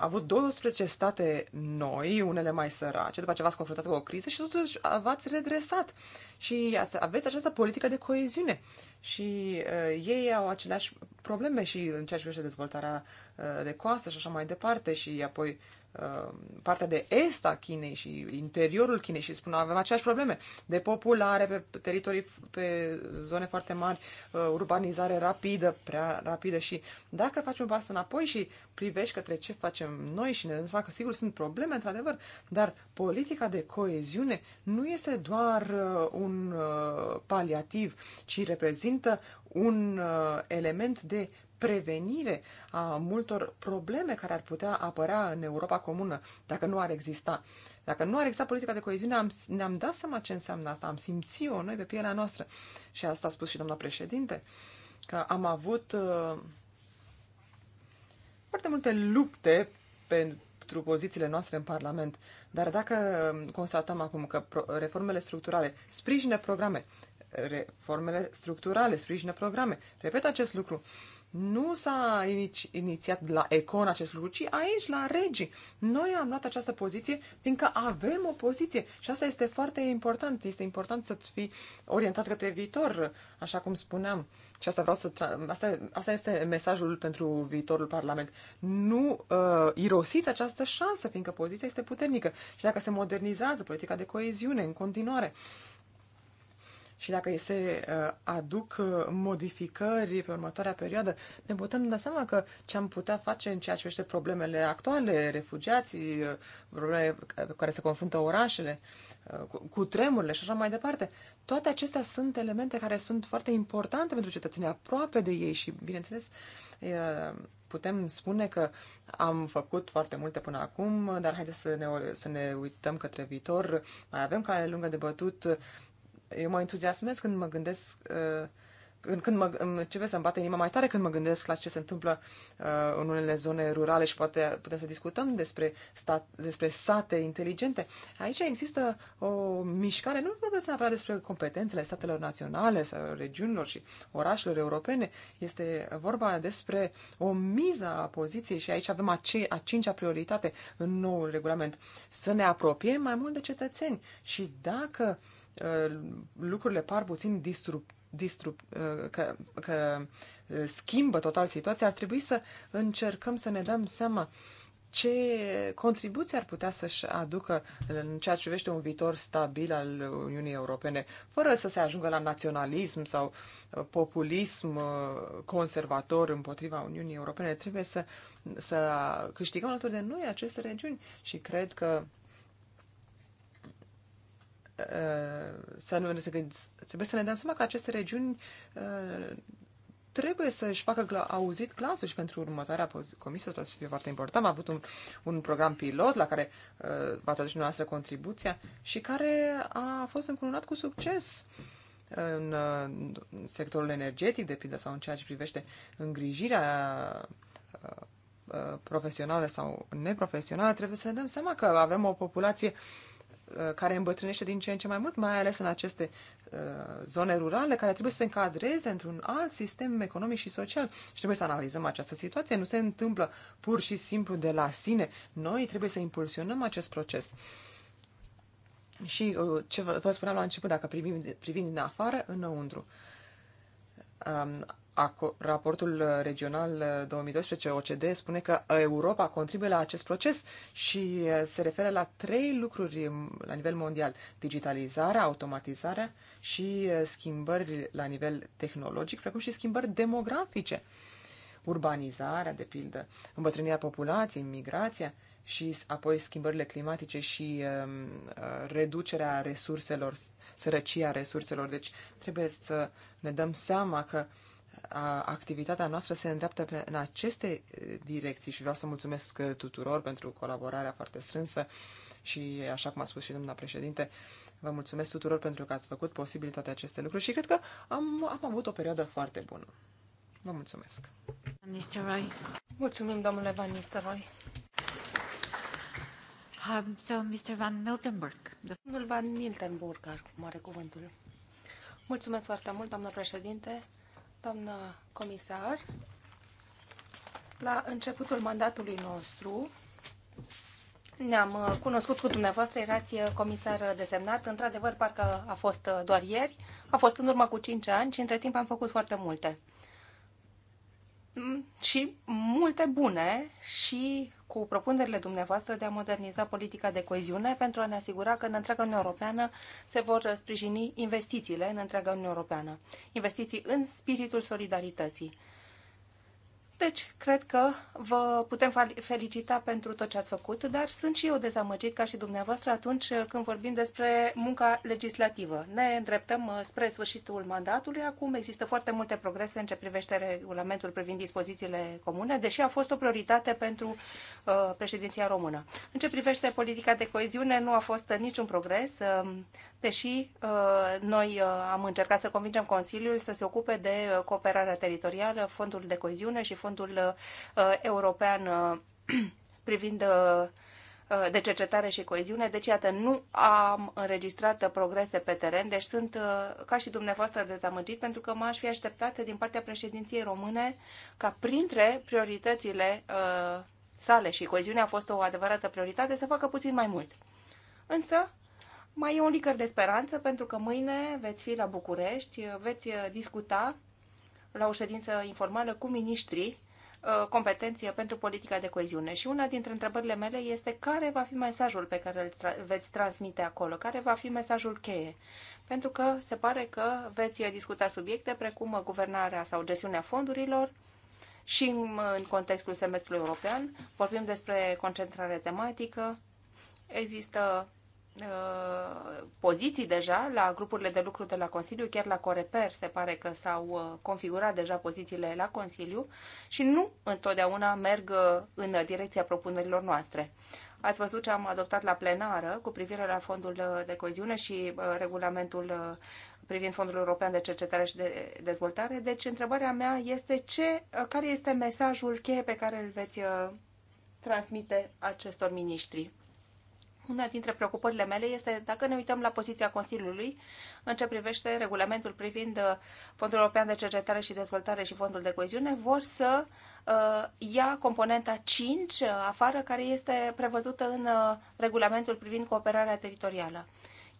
S3: avut 12 state noi, unele mai sărace, după ce v-ați confruntat cu o criză și totuși v-ați redresat și aveți această politică de coeziune. Și uh, ei au aceleași probleme și în ceea ce privește dezvoltarea Uh, de coastă și așa mai departe și apoi uh, partea de est a Chinei și interiorul Chinei și spun avem aceeași probleme de populare pe teritorii, pe zone foarte mari, uh, urbanizare rapidă, prea rapidă și dacă faci un pas înapoi și privești către ce facem noi și ne dăm seama că sigur sunt probleme într-adevăr, dar politica de coeziune nu este doar un paliativ, ci reprezintă un element de prevenire a multor probleme care ar putea apărea în Europa comună dacă nu ar exista. Dacă nu ar exista politica de coeziune, am, ne-am dat seama ce înseamnă asta, am simțit-o noi pe pielea noastră. Și asta a spus și doamna președinte, că am avut uh, foarte multe lupte pentru pozițiile noastre în Parlament. Dar dacă um, constatăm acum că reformele structurale sprijină programe, reformele structurale sprijină programe, repet acest lucru, nu s-a inițiat la Econ acest lucru, ci aici, la Regi. Noi am luat această poziție fiindcă avem o poziție și asta este foarte important. Este important să-ți fii orientat către viitor, așa cum spuneam. Și asta vreau să. Asta, asta este mesajul pentru viitorul Parlament. Nu uh, irosiți această șansă, fiindcă poziția este puternică. Și dacă se modernizează politica de coeziune în continuare, uh, și dacă se uh, aduc uh, modificări pe următoarea perioadă, ne putem da seama că ce am putea face în ceea ce este problemele actuale, refugiații, uh, problemele cu care se confruntă orașele, cu tremurile și așa mai departe. Toate acestea sunt elemente care sunt foarte importante pentru cetățenii aproape de ei și, bineînțeles, putem spune că am făcut foarte multe până acum, dar haideți să ne, să ne uităm către viitor. Mai avem cale lungă de bătut, eu mă entuziasmez când mă gândesc, când, uh, când mă, îmi începe să-mi bate inima mai tare când mă gândesc la ce se întâmplă uh, în unele zone rurale și poate putem să discutăm despre, stat, despre sate inteligente. Aici există o mișcare, nu vorbesc neapărat despre competențele statelor naționale sau regiunilor și orașelor europene, este vorba despre o miză a poziției și aici avem ace, a cincea prioritate în noul regulament, să ne apropiem mai mult de cetățeni și dacă uh, Uh, lucrurile par puțin distrup, distrup, uh, că, că uh, schimbă total situația, ar trebui să încercăm să ne dăm seama ce contribuții ar putea să-și aducă în ceea ce privește un viitor stabil al Uniunii Europene, fără să se ajungă la naționalism sau populism conservator împotriva Uniunii Europene. Trebuie să, să câștigăm alături de noi aceste regiuni și cred că Uh, să nu se gând, trebuie să ne dăm seama că aceste regiuni uh, trebuie să-și facă gla- auzit glasul și pentru următoarea comisie asta să fie foarte important. Am avut un, un program pilot la care uh, v-ați adus noastră contribuția și care a fost încununat cu succes în uh, sectorul energetic, de pildă, sau în ceea ce privește îngrijirea uh, uh, profesională sau neprofesională, trebuie să ne dăm seama că avem o populație uh, Uh, care îmbătrânește din ce în ce mai mult, mai ales în aceste uh, zone rurale, care trebuie să se încadreze într-un alt sistem economic și social. Și trebuie să analizăm această situație. Nu se întâmplă pur și simplu de la sine. Noi trebuie să impulsionăm acest proces. Și uh, ce vă spuneam la început, dacă privim, privim din afară, înăuntru. Um, raportul regional 2012 uh, OCD spune că uh, Europa contribuie la acest proces și uh, se referă la trei lucruri um, la nivel mondial. Digitalizarea, automatizarea și schimbări la nivel tehnologic, precum și schimbări demografice. Urbanizarea, de pildă, îmbătrânirea populației, migrația și apoi schimbările climatice și um, uh, reducerea resurselor, sărăcia resurselor. Deci trebuie să ne dăm seama că uh, activitatea noastră se îndreaptă pe, în aceste direcții și vreau să mulțumesc tuturor pentru colaborarea foarte strânsă și, așa cum a spus și domnul președinte, vă mulțumesc tuturor pentru că ați făcut posibil toate aceste lucruri și cred că am, am avut o perioadă foarte bună. Vă mulțumesc!
S1: Mulțumim, domnule Van Nistelrooy. Um, so, Mr. Van Miltenburg. Domnul Van Miltenburg, acum are cuvântul. Mulțumesc foarte mult, doamnă președinte doamnă comisar, la începutul mandatului nostru ne-am uh, cunoscut cu dumneavoastră, erați uh, comisar desemnat, într-adevăr parcă a fost uh, doar ieri, a fost în urmă cu 5 ani și între timp am făcut foarte multe. Mm, și multe bune și cu propunerile dumneavoastră de a moderniza politica de coeziune pentru a ne asigura că în întreaga Uniune Europeană se vor sprijini investițiile în întreaga Uniune Europeană. Investiții în spiritul solidarității. Deci, cred că vă putem felicita pentru tot ce ați făcut, dar sunt și eu dezamăgit, ca și dumneavoastră, atunci uh, când vorbim despre munca legislativă. Ne îndreptăm uh, spre sfârșitul mandatului. Acum există foarte multe progrese în ce privește regulamentul privind dispozițiile comune, deși a fost o prioritate pentru uh, președinția română. În ce privește politica de coeziune, nu a fost niciun progres, uh, deși uh, noi uh, am încercat să convingem Consiliul să se ocupe de uh, cooperarea teritorială, fondul de coeziune și fondul Fondul uh, European uh, [clears throat] privind uh, de cercetare și coeziune, deci iată, nu am înregistrat progrese pe teren, deci sunt ca și dumneavoastră dezamăgit pentru că m-aș fi așteptat din partea președinției române ca printre prioritățile sale și coeziunea a fost o adevărată prioritate să facă puțin mai mult. Însă, mai e un licăr de speranță pentru că mâine veți fi la București, veți discuta la o ședință informală cu miniștrii uh, competenție pentru politica de coeziune. Și una dintre întrebările mele este care va fi mesajul pe care îl tra- veți transmite acolo, care va fi mesajul cheie. Pentru că se pare că veți discuta subiecte precum guvernarea sau gestiunea fondurilor și în, în contextul semestrului european. Vorbim despre concentrare tematică, există Uh, poziții deja la grupurile de lucru de la Consiliu, chiar la Coreper se pare că s-au uh, configurat deja pozițiile la Consiliu și nu întotdeauna merg uh, în direcția propunerilor noastre. Ați văzut ce am adoptat la plenară cu privire la fondul de coeziune și regulamentul privind Fondul European de Cercetare și de Dezvoltare. Deci, întrebarea mea este ce, care este mesajul cheie pe care îl veți transmite acestor miniștri? Una dintre preocupările mele este dacă ne uităm la poziția Consiliului în ce privește regulamentul privind uh, Fondul European de Cercetare și Dezvoltare și Fondul de Coeziune, vor să uh, ia componenta 5 uh, afară care este prevăzută în uh, regulamentul privind cooperarea teritorială.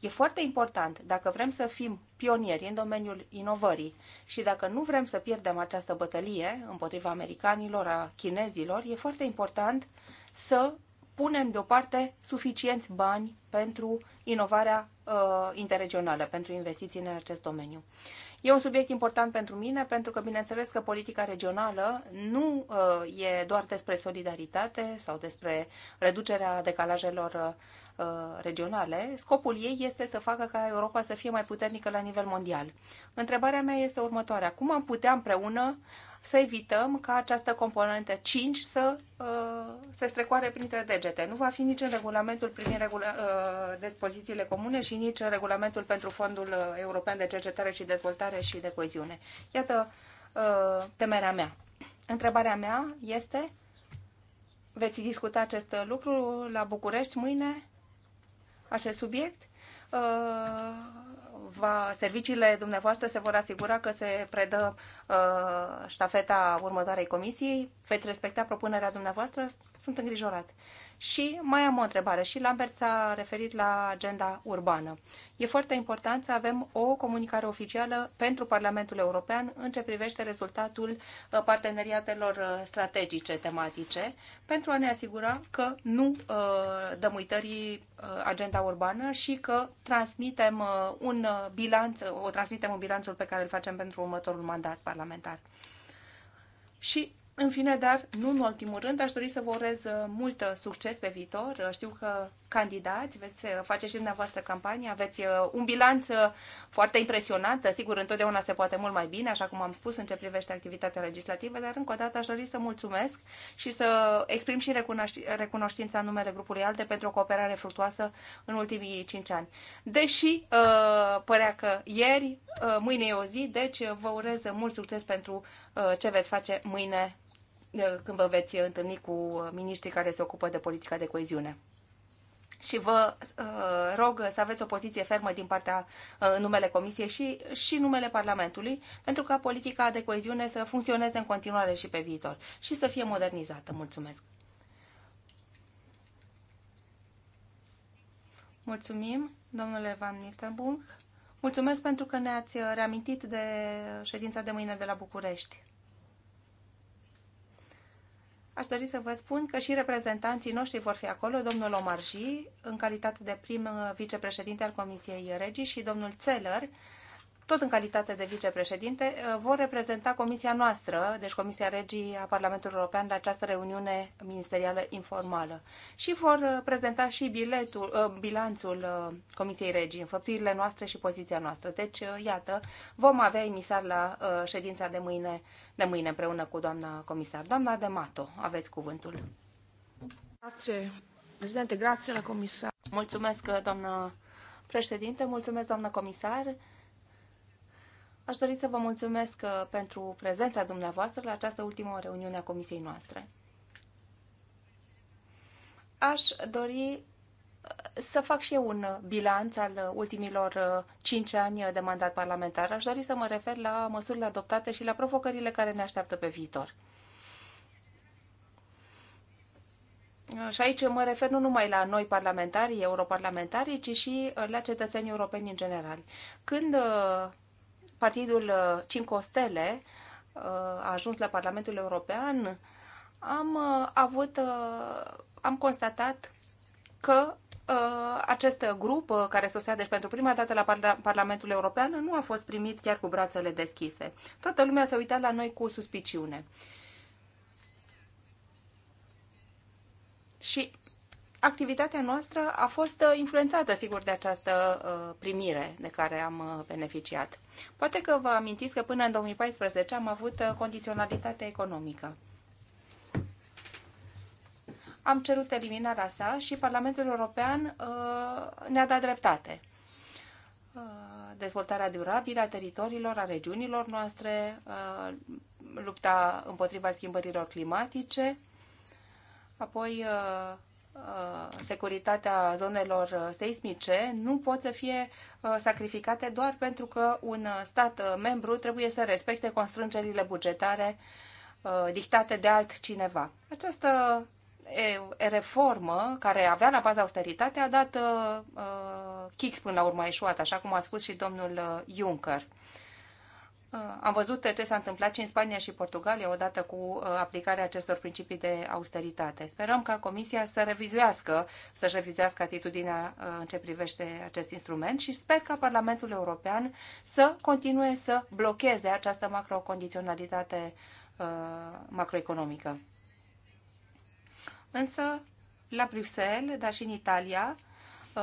S1: E foarte important dacă vrem să fim pionieri în domeniul inovării și dacă nu vrem să pierdem această bătălie împotriva americanilor, a chinezilor, e foarte important să punem deoparte suficienți bani pentru inovarea uh, interregională, pentru investiții în acest domeniu. E un subiect important pentru mine, pentru că bineînțeles că politica regională nu uh, e doar despre solidaritate sau despre reducerea decalajelor uh, regionale. Scopul ei este să facă ca Europa să fie mai puternică la nivel mondial. Întrebarea mea este următoarea. Cum am putea împreună uh, să evităm ca această componentă 5 să uh, se strecoare printre degete. Nu va fi nici în regulamentul privind regula, uh, dispozițiile comune și nici în regulamentul pentru Fondul uh, European de Cercetare și Dezvoltare și de Coeziune. Iată uh, temerea mea. Întrebarea mea este, veți discuta acest lucru la București mâine, acest subiect? Uh, va, serviciile dumneavoastră se vor asigura că se predă uh, ștafeta următoarei comisii? Veți respecta propunerea dumneavoastră? Sunt îngrijorat. Și mai am o întrebare și Lambert s-a referit la agenda urbană. E foarte important să avem o comunicare oficială pentru Parlamentul European în ce privește rezultatul uh, parteneriatelor uh, strategice tematice pentru a ne asigura că nu uh, dăm uitării agenda urbană și că transmitem un bilanț, o transmitem în bilanțul pe care îl facem pentru următorul mandat parlamentar. Și în fine, dar nu în ultimul rând, aș dori să vă urez uh, mult uh, succes pe viitor. Uh, știu că candidați, veți face și dumneavoastră campanie, aveți un bilanț foarte impresionant. Sigur, întotdeauna se poate mult mai bine, așa cum am spus, în ce privește activitatea legislativă, dar încă o dată aș dori să mulțumesc și să exprim și recunoștința în numele grupului ALDE pentru o cooperare fructuoasă în ultimii cinci ani. Deși părea că ieri, mâine e o zi, deci vă urez mult succes pentru ce veți face mâine când vă veți întâlni cu miniștrii care se ocupă de politica de coeziune. Și vă uh, rog să aveți o poziție fermă din partea uh, numele Comisiei și, și numele Parlamentului, pentru ca politica de coeziune să funcționeze în continuare și pe viitor și să fie modernizată. Mulțumesc! Mulțumim, domnule Van Miltenburg. Mulțumesc pentru că ne-ați reamintit de ședința de mâine de la București. Aș dori să vă spun că și reprezentanții noștri vor fi acolo, domnul Omarji, în calitate de prim uh, vicepreședinte al Comisiei Regii și domnul Țelăr, tot în calitate de vicepreședinte, uh, vor reprezenta comisia noastră, deci Comisia Regii a Parlamentului European, la această reuniune ministerială informală. Și vor uh, prezenta și biletul, uh, bilanțul Comisiei Regii, înfăptuirile noastre și poziția noastră. Deci, iată, vom avea emisar la ședința de mâine, de mâine împreună cu doamna comisar. Doamna Demato, aveți cuvântul. Grație, prezidente, grație la comisar. Mulțumesc, doamna președinte, mulțumesc, doamna comisar. Aș dori să vă mulțumesc uh, pentru prezența dumneavoastră la această ultimă reuniune a comisiei noastre. Aș dori uh, să fac și eu un uh, bilanț al ultimilor cinci ani de mandat parlamentar. Aș dori să mă refer la măsurile adoptate și la provocările care ne așteaptă pe viitor. Și aici mă refer nu numai la noi parlamentari, europarlamentarii, ci și la cetățenii europeni în general. Când Partidul uh, Cinco Stele uh, a ajuns la Parlamentul European, am uh, avut, am constatat că acest grup care sosea deci pentru prima dată la Parlamentul European nu a fost primit chiar cu brațele deschise. Toată lumea s-a uitat la noi cu suspiciune. Și activitatea noastră a fost uh, influențată, sigur, de această uh, primire de care am uh, beneficiat. Poate că vă amintiți că până în 2014 am avut condiționalitate economică. Am cerut eliminarea sa și Parlamentul European ne-a dat dreptate. Dezvoltarea durabilă a teritoriilor, a regiunilor noastre, lupta împotriva schimbărilor climatice, apoi Uh, securitatea zonelor seismice nu pot să fie uh, sacrificate doar pentru că un stat uh, membru trebuie să respecte constrângerile bugetare dictate de altcineva. Această reformă care avea la bază austeritate a dat uh, kicks până la urmă a eșuat, așa cum a spus și domnul Juncker. Uh, am văzut ce s-a întâmplat și în Spania și Portugalia odată cu uh, aplicarea acestor principii de austeritate. Sperăm ca Comisia să revizuiască, să revizuiască atitudinea uh, în ce privește acest instrument și sper ca Parlamentul European să continue să blocheze această macrocondiționalitate uh, macroeconomică. Însă, la Bruxelles, dar și în Italia,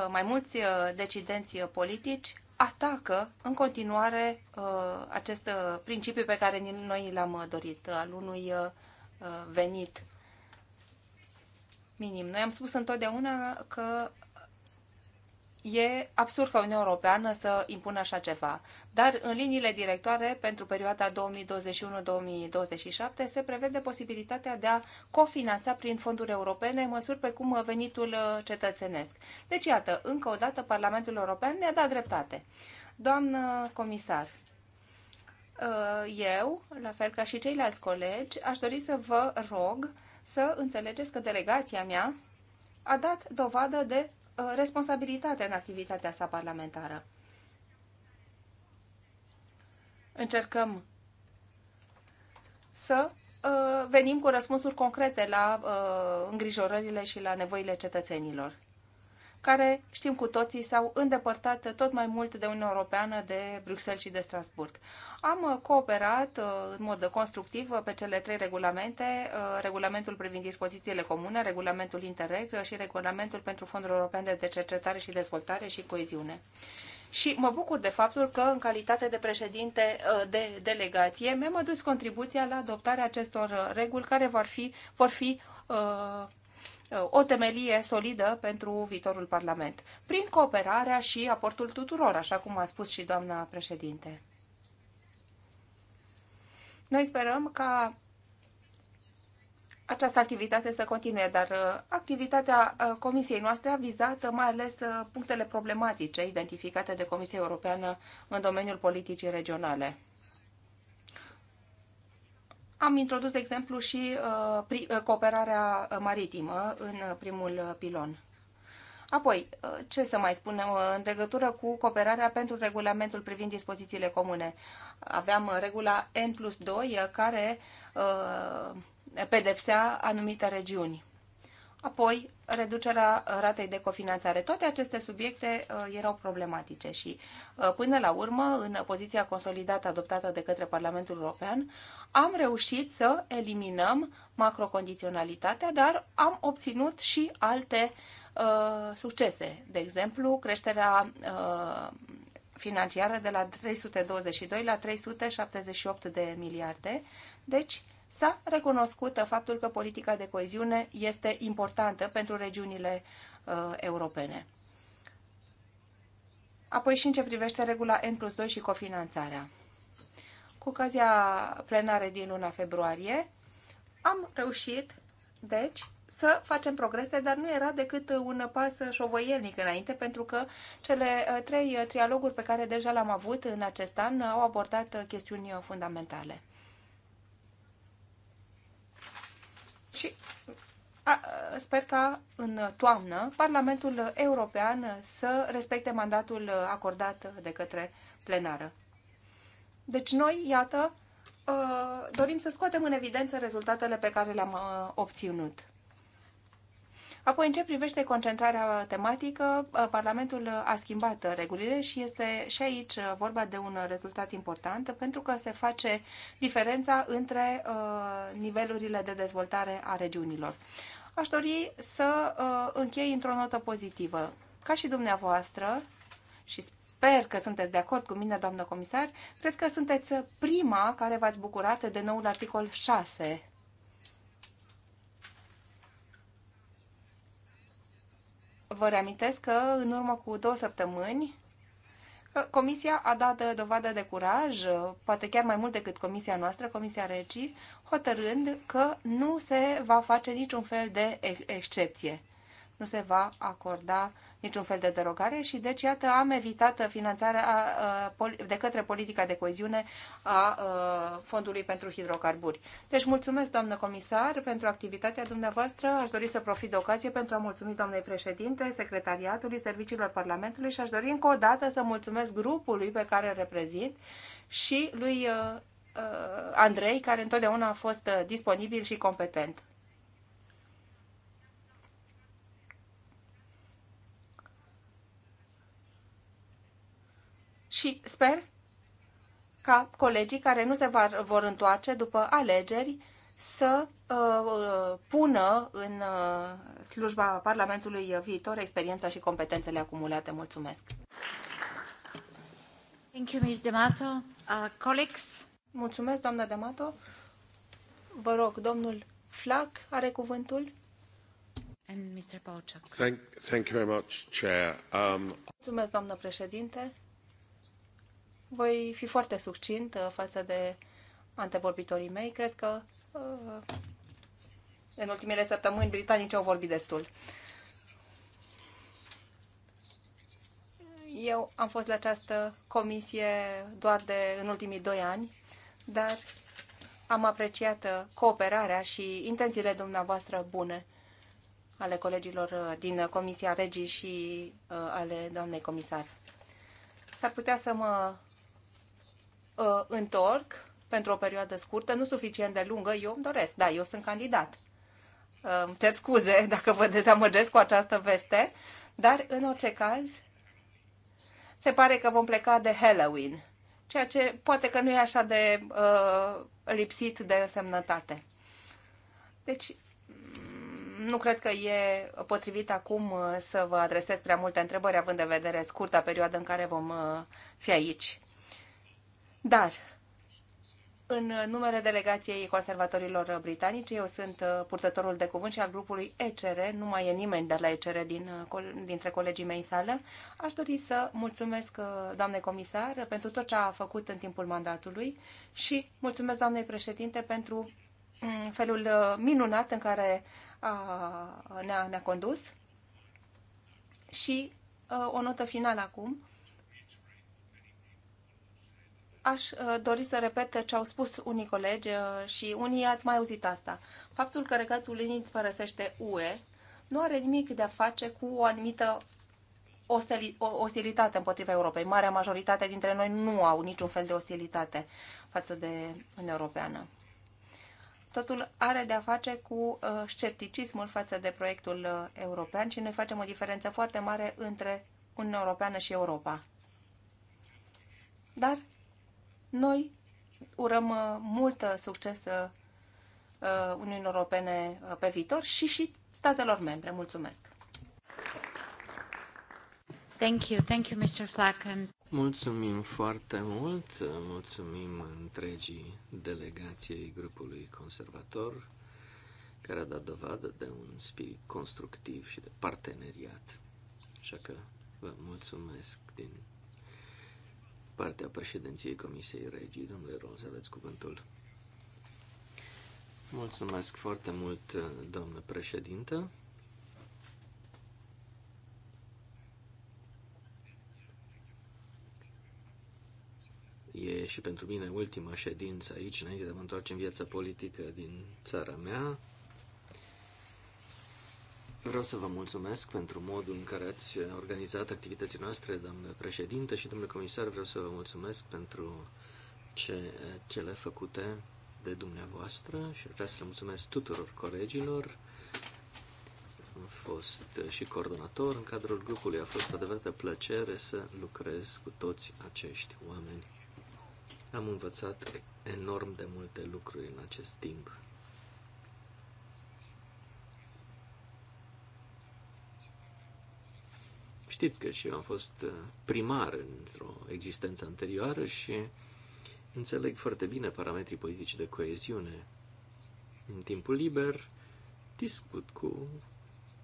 S1: mai mulți decidenți politici atacă în continuare uh, acest uh, principiu pe care noi l-am uh, dorit, al unui venit minim. Noi am spus întotdeauna că E absurd ca Uniunea Europeană să impună așa ceva, dar în liniile directoare pentru perioada 2021-2027 se prevede posibilitatea de a cofinanța prin fonduri europene măsuri pe cum venitul uh, cetățenesc. Deci, iată, încă o dată Parlamentul European ne-a dat dreptate. Doamnă comisar, uh, eu, la fel ca și ceilalți colegi, aș dori să vă rog să înțelegeți că delegația mea a dat dovadă de Uh, responsabilitate în activitatea sa parlamentară. Încercăm să uh, venim cu răspunsuri concrete la uh, îngrijorările și la nevoile cetățenilor care, știm cu toții, s-au îndepărtat tot mai mult de Uniunea Europeană, de Bruxelles și de Strasburg. Am cooperat uh, în mod constructiv uh, pe cele trei regulamente, uh, regulamentul privind dispozițiile comune, regulamentul Interreg și regulamentul pentru Fondul European de Cercetare și Dezvoltare și Coeziune. Și mă bucur de faptul că, în calitate de președinte de delegație, mi-am adus contribuția la adoptarea acestor reguli care vor fi, vor fi o temelie solidă pentru viitorul Parlament, prin cooperarea și aportul tuturor, așa cum a spus și doamna președinte. Noi sperăm ca această activitate să continue, dar uh, activitatea uh, comisiei noastre a vizat uh, mai ales punctele problematice identificate de Comisia Europeană în domeniul politicii regionale. Am introdus, de exemplu, și uh, uh, cooperarea uh, maritimă în primul pilon. Apoi, ce să mai spunem în legătură cu cooperarea pentru regulamentul privind dispozițiile comune? Aveam regula N plus 2 care pedepsea anumite regiuni apoi reducerea ratei de cofinanțare. Toate aceste subiecte uh, erau problematice și uh, până la urmă, în poziția consolidată adoptată de către Parlamentul European, am reușit să eliminăm macrocondiționalitatea, dar am obținut și alte uh, succese. De exemplu, creșterea uh, financiară de la 322 la 378 de miliarde, deci s-a recunoscut faptul că politica de coeziune este importantă pentru regiunile uh, europene. Apoi și în ce privește regula N plus 2 și cofinanțarea. Cu ocazia plenare din luna februarie, am reușit, deci, să facem progrese, dar nu era decât un pas șovăielnic înainte, pentru că cele uh, trei trialoguri pe care deja le-am avut în acest an au abordat chestiuni uh, fundamentale. Și a, sper ca în toamnă Parlamentul European să respecte mandatul acordat de către plenară. Deci noi, iată, uh, dorim să scoatem în evidență rezultatele pe care le-am uh, obținut. Apoi, în ce privește concentrarea tematică, uh, Parlamentul a schimbat regulile și este și aici uh, vorba de un rezultat important pentru că se face diferența între uh, nivelurile de dezvoltare a regiunilor. Aș dori să închei într-o notă pozitivă. Ca și dumneavoastră, și sper că sunteți de acord cu mine, doamnă comisar, cred că sunteți prima care v-ați bucurat de noul articol 6 Vă reamintesc că în urmă cu două săptămâni Comisia a dat dovadă de curaj, poate chiar mai mult decât comisia noastră, Comisia Regii, hotărând că nu se va face niciun fel de excepție. Nu se va acorda niciun fel de derogare și deci, iată, am evitat finanțarea de către politica de coeziune a Fondului pentru Hidrocarburi. Deci, mulțumesc, doamnă comisar, pentru activitatea dumneavoastră. Aș dori să profit de ocazie pentru a mulțumi doamnei președinte, secretariatului, serviciilor Parlamentului și aș dori încă o dată să mulțumesc grupului pe care îl reprezint și lui uh, uh, Andrei, care întotdeauna a fost uh, disponibil și competent. și sper ca colegii care nu se vor întoarce după alegeri să uh, uh, pună în uh, slujba Parlamentului viitor experiența și competențele acumulate. Mulțumesc! Thank you, Ms. D'Amato. Uh, colleagues? Mulțumesc, doamna D'Amato. Vă rog, domnul Flac are cuvântul. And Mr.
S3: Thank, thank you very much, Chair. Um...
S1: Mulțumesc, doamnă președinte. Voi fi foarte succint uh, față de antevorbitorii mei. Cred că uh, în ultimele săptămâni britanici au vorbit destul. Eu am fost la această comisie doar de în ultimii doi ani, dar am apreciat uh, cooperarea și intențiile dumneavoastră bune ale colegilor din Comisia Regii și ale doamnei comisar. S-ar putea să mă uh, întorc pentru o perioadă scurtă, nu suficient de lungă, eu îmi doresc. Da, eu sunt candidat. Uh, cer scuze [laughs] dacă vă dezamăgesc cu această veste, dar în orice caz se pare că vom pleca de Halloween, ceea ce poate că nu e așa de uh, lipsit de însemnătate. Deci, mm, nu cred că e potrivit acum uh, să vă adresez prea multe întrebări, având în vedere scurta perioadă în care vom uh, fi aici. Dar, în numele delegației conservatorilor britanici, eu sunt uh, purtătorul de cuvânt și al grupului ECR, nu mai e nimeni de la ECR din, uh, dintre colegii mei în sală. Aș dori să mulțumesc, uh, doamne comisar, pentru tot ce a făcut în timpul mandatului și mulțumesc, doamnei președinte, pentru mm, felul minunat în care ne-a ne condus. Și o notă finală acum. Aș uh, dori să repet ce au spus unii colegi uh, și unii ați mai auzit asta. Faptul că Regatul Unit părăsește UE nu are nimic de a face cu o anumită ostilitate împotriva Europei. Marea majoritate dintre noi nu au niciun fel de ostilitate față de Uniunea Europeană. Totul are de a face cu uh, scepticismul față de proiectul european și noi facem o diferență foarte mare între Uniunea Europeană și Europa. Dar noi urăm uh, mult uh, succes uh, Uniunii Europene pe viitor și și statelor membre. Mulțumesc! Thank you, thank you, Mr. Flack.
S2: Mulțumim foarte mult, mulțumim întregii delegației grupului conservator care a dat dovadă de un spirit constructiv și de parteneriat. Așa că vă mulțumesc din partea președinției Comisiei Regii. Domnule Roz, aveți cuvântul. Mulțumesc foarte mult, domnule președinte. E și pentru mine ultima ședință aici, înainte de a mă întoarce în viața politică din țara mea. Vreau să vă mulțumesc pentru modul în care ați organizat activitățile noastre, doamnă președinte și domnule comisar. Vreau să vă mulțumesc pentru ce, cele făcute de dumneavoastră și vreau să le mulțumesc tuturor colegilor. Am fost și coordonator în cadrul grupului. A fost o adevărată plăcere să lucrez cu toți acești oameni. Am învățat enorm de multe lucruri în acest timp. Știți că și eu am fost uh, primar într-o existență anterioară și înțeleg foarte bine parametrii politici de coeziune. În timpul liber discut cu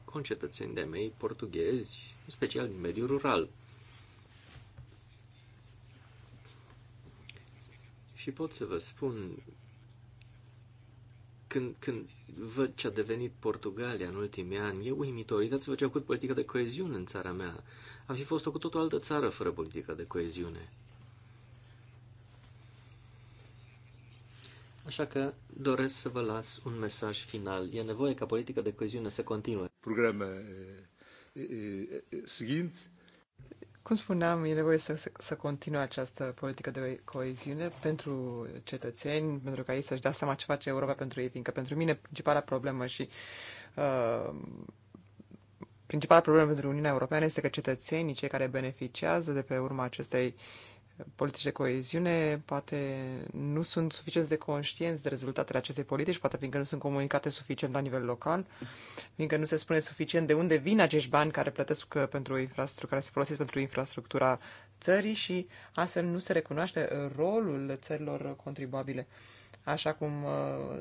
S2: concetățeni de mei portughezi, în special din mediul rural. Și pot să vă spun când, când văd ce a devenit Portugalia în ultimii ani, e uimitor. Uitați-vă ce a făcut politica de coeziune în țara mea. Am fi fost o cu totul altă țară fără politica de coeziune. Așa că doresc să vă las un mesaj final. E nevoie ca politica de coeziune să continue. Programa eh, eh, eh, seguinte
S3: cum spuneam, e nevoie să, să continue această politică de coeziune pentru cetățeni, pentru ca ei să-și dea seama ce face Europa pentru ei, fiindcă pentru mine principala problemă și uh, principala problemă pentru Uniunea Europeană este că cetățenii, cei care beneficiază de pe urma acestei uh, politici de coeziune poate nu sunt suficient de conștienți de rezultatele acestei politici, poate fiindcă nu sunt comunicate suficient la nivel local, fiindcă nu se spune suficient de unde vin acești bani care plătesc uh, pentru infrastructura, care se folosesc pentru infrastructura țării și astfel nu se recunoaște uh, rolul țărilor contribuabile, așa cum uh,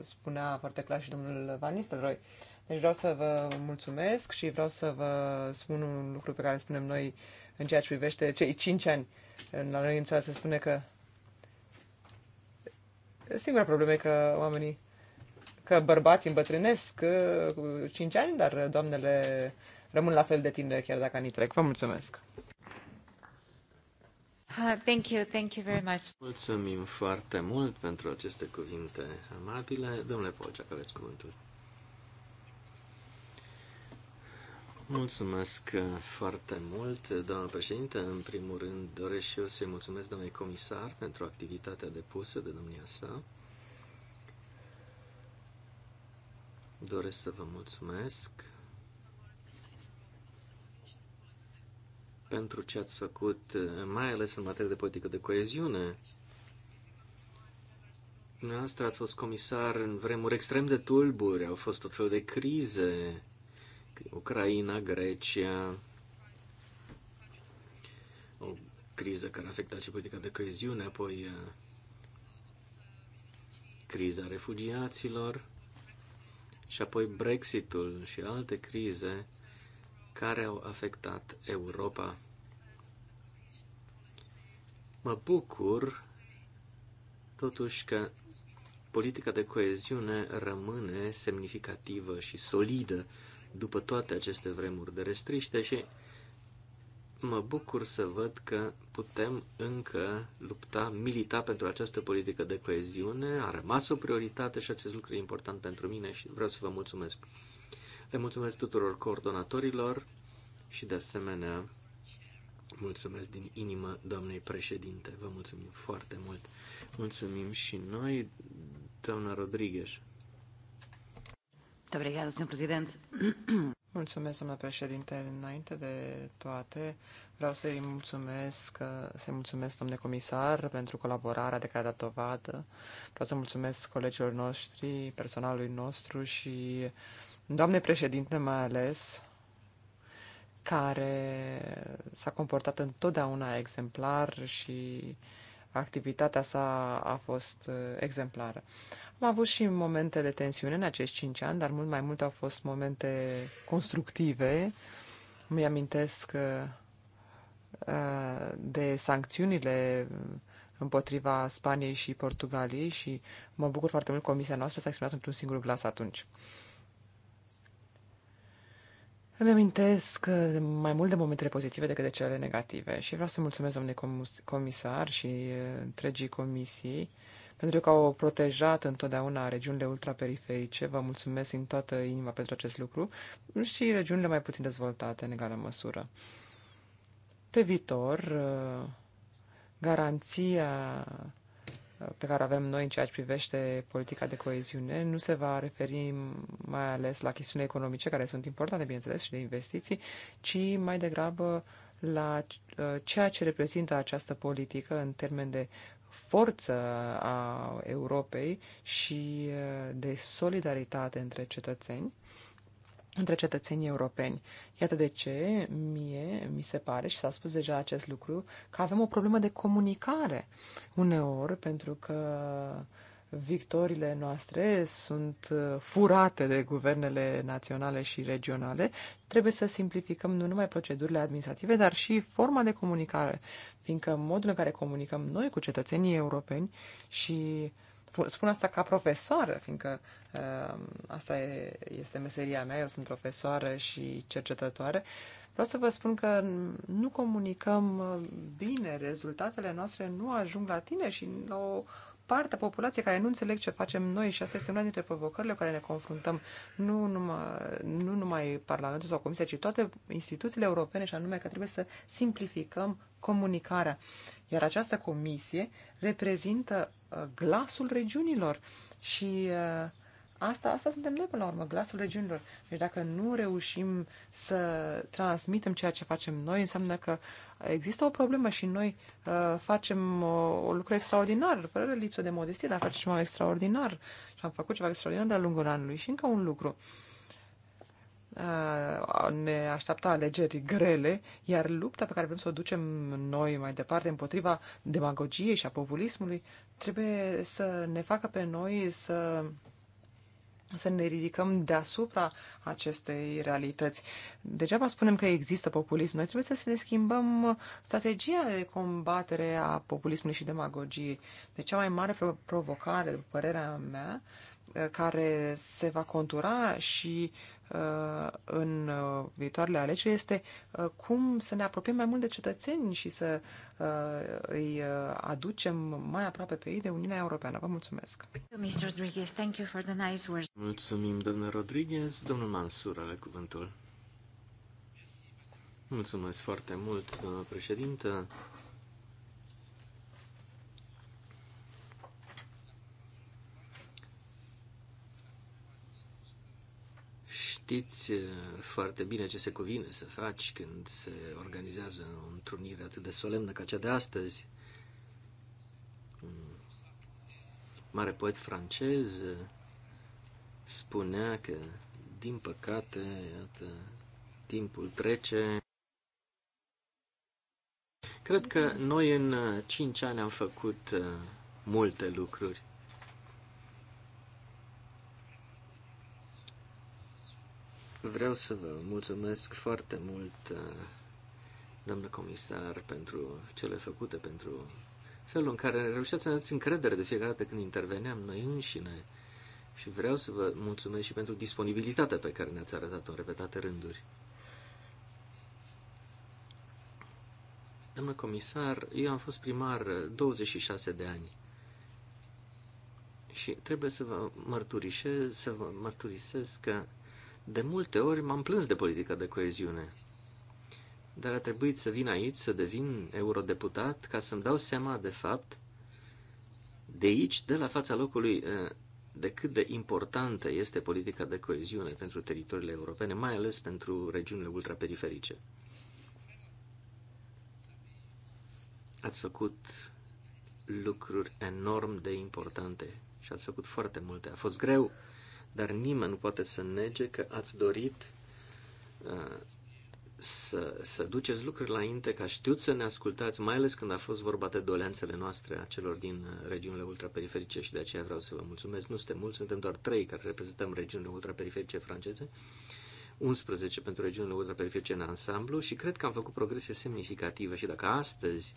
S3: spunea foarte clar și domnul Van Nistelrooy. Deci vreau să vă mulțumesc și vreau să vă spun un lucru pe care îl spunem noi în ceea ce privește cei 5 ani. La noi în țară se spune că singura problemă e că oamenii, că bărbații îmbătrânesc uh, cu 5 ani, dar doamnele rămân la fel de tinere chiar dacă anii trec. Vă mulțumesc!
S1: Thank you, thank you very much.
S2: Mulțumim foarte mult pentru aceste cuvinte amabile. Domnule că aveți cuvântul. Mulțumesc uh, foarte mult, uh, doamnă președinte. În primul rând, doresc și eu să-i mulțumesc domnului comisar pentru activitatea depusă de domnia sa. Doresc să vă mulțumesc pentru ce ați făcut, uh, mai ales în materie de politică de coeziune. Dumneavoastră ați fost comisar în vremuri extrem de tulburi, au fost tot felul de crize, Ucraina, Grecia, o criză care a afectat și politica de coeziune, apoi uh, criza refugiaților și apoi Brexitul și alte crize care au afectat Europa. Mă bucur totuși că politica de coeziune rămâne semnificativă și solidă după toate aceste vremuri de restriște și mă bucur să văd că putem încă lupta, milita pentru această politică de coeziune. A rămas o prioritate și acest lucru e important pentru mine și vreau să vă mulțumesc. Le mulțumesc tuturor coordonatorilor și de asemenea mulțumesc din inimă doamnei președinte. Vă mulțumim foarte mult. Mulțumim și noi, doamna Rodriguez.
S3: Mulțumesc, domnule președinte. Înainte de toate, vreau să-i mulțumesc, să mulțumesc, domnule comisar, pentru colaborarea de care a dat dovadă. Vreau să mulțumesc colegilor noștri, personalului nostru și doamne președinte mai ales, care s-a comportat întotdeauna exemplar și uh, activitatea sa a fost uh, exemplară. Am avut și momente de tensiune în acești cinci ani, dar mult mai multe au fost momente constructive. Îmi amintesc uh, uh, de sancțiunile împotriva Spaniei și Portugaliei și mă bucur foarte mult că comisia noastră s-a exprimat într-un singur glas atunci. Îmi amintesc uh, mai mult de momentele pozitive decât de cele negative și vreau să mulțumesc domnului comisar și uh, întregii comisii pentru că au protejat întotdeauna regiunile ultraperiferice. Vă mulțumesc în toată inima pentru acest lucru și regiunile mai puțin dezvoltate în egală măsură. Pe viitor, uh, garanția pe care avem noi în ceea ce privește politica de coeziune nu se va referi mai ales la chestiuni economice, care sunt importante, bineînțeles, și de investiții, ci mai degrabă la uh, ceea ce reprezintă această politică în termen de forță a Europei și uh, de solidaritate între cetățeni între cetățenii europeni. Iată de ce mie mi se pare, și s-a spus deja acest lucru, că avem o problemă de comunicare uneori, pentru că victorile noastre sunt uh, furate de guvernele naționale și regionale. Trebuie să simplificăm nu numai procedurile administrative, dar și forma de comunicare, fiindcă modul în care comunicăm noi cu cetățenii europeni și uh, spun asta ca profesoară, fiindcă uh, asta e, este meseria mea, eu sunt profesoară și cercetătoare, vreau să vă spun că nu comunicăm uh, bine, rezultatele noastre nu ajung la tine și la o parte a populației care nu înțeleg ce facem noi și asta este una dintre provocările cu care ne confruntăm, nu numai, nu numai Parlamentul sau Comisia, ci toate instituțiile europene și anume că trebuie să simplificăm comunicarea. Iar această comisie reprezintă uh, glasul regiunilor și uh, Asta, asta suntem noi până la urmă, glasul regiunilor. Deci dacă nu reușim să transmitem ceea ce facem noi, înseamnă că există o problemă și noi uh, facem uh, o lucru extraordinar, fără lipsă de modestie, dar facem ceva extraordinar. Și am făcut ceva extraordinar de-a lungul anului. Și încă un lucru. Uh, ne așteaptă alegeri grele, iar lupta pe care vrem să o ducem noi mai departe împotriva demagogiei și a populismului trebuie să ne facă pe noi să să ne ridicăm deasupra acestei realități. Degeaba spunem că există populism. Noi trebuie să ne schimbăm strategia de combatere a populismului și demagogiei. De cea mai mare provocare, după părerea mea, care se va contura și Uh, în uh, viitoarele alegeri este uh, cum să ne apropiem mai mult de cetățeni și să îi aducem mai aproape pe ei de Uniunea Europeană. Vă mulțumesc!
S2: Mulțumim, domnule Rodriguez. Domnul Mansur are cuvântul. Mulțumesc foarte mult, domnul președinte. știți eh, foarte bine ce se cuvine să faci când se organizează o întrunire atât de solemnă ca cea de astăzi. mare poet francez eh, spunea că, din păcate, iată, timpul trece. Cred că noi în 5 eh, ani am făcut multe lucruri. Vreau să vă mulțumesc foarte mult, uh, doamnă comisar, pentru cele făcute, pentru felul în care reușeați să ne dați încredere de fiecare dată când interveneam noi înșine. Și vreau să vă mulțumesc și pentru disponibilitatea pe care ne-ați arătat-o în repetate rânduri. Doamnă comisar, eu am fost primar 26 de ani și trebuie să vă mărturisesc, să vă mărturisesc că de multe ori m-am plâns de politica de coeziune, dar a trebuit să vin aici, să devin eurodeputat, ca să-mi dau seama, de fapt, de aici, de la fața locului, eh, de cât de importantă este politica de coeziune pentru teritoriile europene, mai ales pentru regiunile ultraperiferice. Ați făcut lucruri enorm de importante și ați făcut foarte multe. A fost greu, dar nimeni nu poate să nege că ați dorit uh, să, să duceți lucrurile înainte, ca știuți să ne ascultați, mai ales când a fost vorba de doleanțele noastre a celor din uh, regiunile ultraperiferice și de aceea vreau să vă mulțumesc. Nu suntem mulți, suntem doar trei care reprezentăm regiunile ultraperiferice franceze, 11 pentru regiunile ultraperiferice în ansamblu și cred că am făcut progrese semnificative și dacă astăzi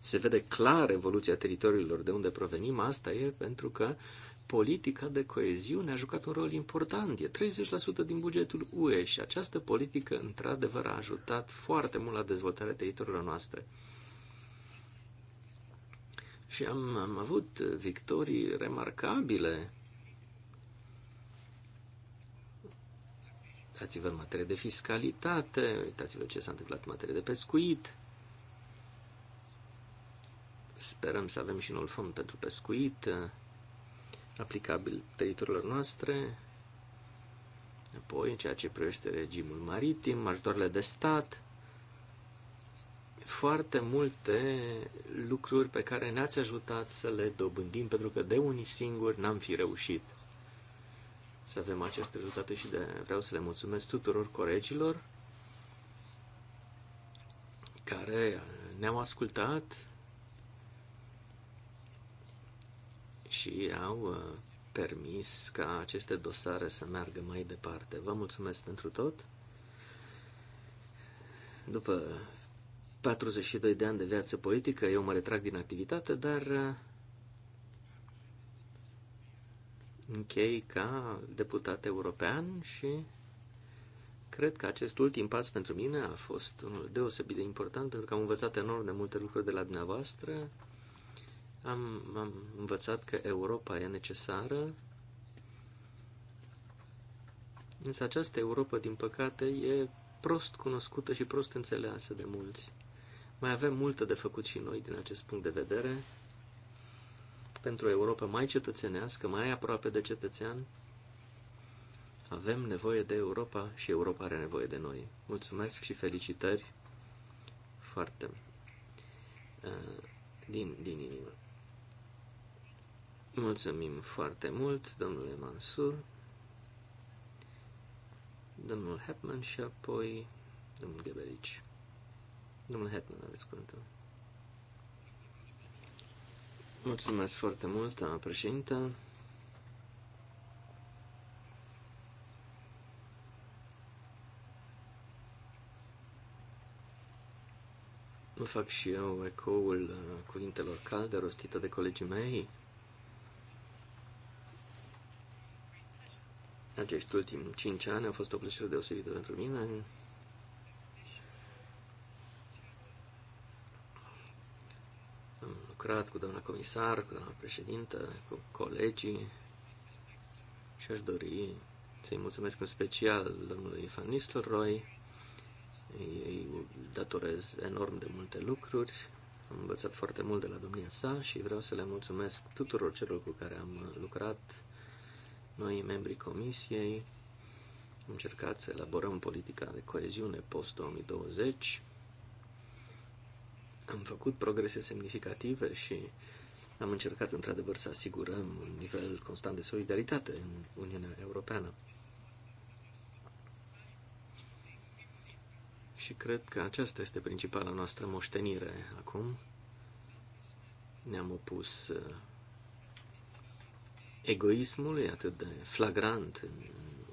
S2: se vede clar evoluția teritoriilor de unde provenim, asta e pentru că politica de coeziune a jucat un rol important. E 30% din bugetul UE și această politică, într-adevăr, a ajutat foarte mult la dezvoltarea teritoriilor noastre. Și am, am avut victorii remarcabile. Uitați-vă în materie de fiscalitate, uitați-vă ce s-a întâmplat în materie de pescuit. Sperăm să avem și noul fond pentru pescuit aplicabil teritoriilor noastre, apoi în ceea ce privește regimul maritim, ajutoarele de stat, foarte multe lucruri pe care ne-ați ajutat să le dobândim, pentru că de unii singuri n-am fi reușit să avem aceste rezultate și de, vreau să le mulțumesc tuturor colegilor care ne-au ascultat și au uh, permis ca aceste dosare să meargă mai departe. Vă mulțumesc pentru tot. După 42 de ani de viață politică, eu mă retrag din activitate, dar uh, închei ca deputat european și cred că acest ultim pas pentru mine a fost unul deosebit de important pentru că am învățat enorm de multe lucruri de la dumneavoastră am, am învățat că Europa e necesară, însă această Europa, din păcate, e prost cunoscută și prost înțeleasă de mulți. Mai avem multă de făcut și noi din acest punct de vedere pentru o Europa mai cetățenească, mai aproape de cetățean. Avem nevoie de Europa și Europa are nevoie de noi. Mulțumesc și felicitări foarte uh, din, din inimă. Mulțumim foarte mult, domnule Mansur, domnul Hepman și apoi domnul Gheberici. Domnul Hetman, aveți cuvântul. Mulțumesc foarte mult, doamna președintă. Nu fac și eu ecoul uh, cuvintelor calde rostite de colegii mei. Acești ultimi cinci ani a fost o plăcere deosebită pentru mine. Am lucrat cu doamna comisar, cu doamna președintă, cu colegii și aș dori să-i mulțumesc în special domnului Van Nistelrooy. Îi datorez enorm de multe lucruri. Am învățat foarte mult de la domnia sa și vreau să le mulțumesc tuturor celor cu care am lucrat noi, membrii comisiei, am încercat să elaborăm politica de coeziune post-2020. Am făcut progrese semnificative și am încercat într-adevăr să asigurăm un nivel constant de solidaritate în Uniunea Europeană. Și cred că aceasta este principala noastră moștenire acum. Ne-am opus uh, egoismul e atât de flagrant în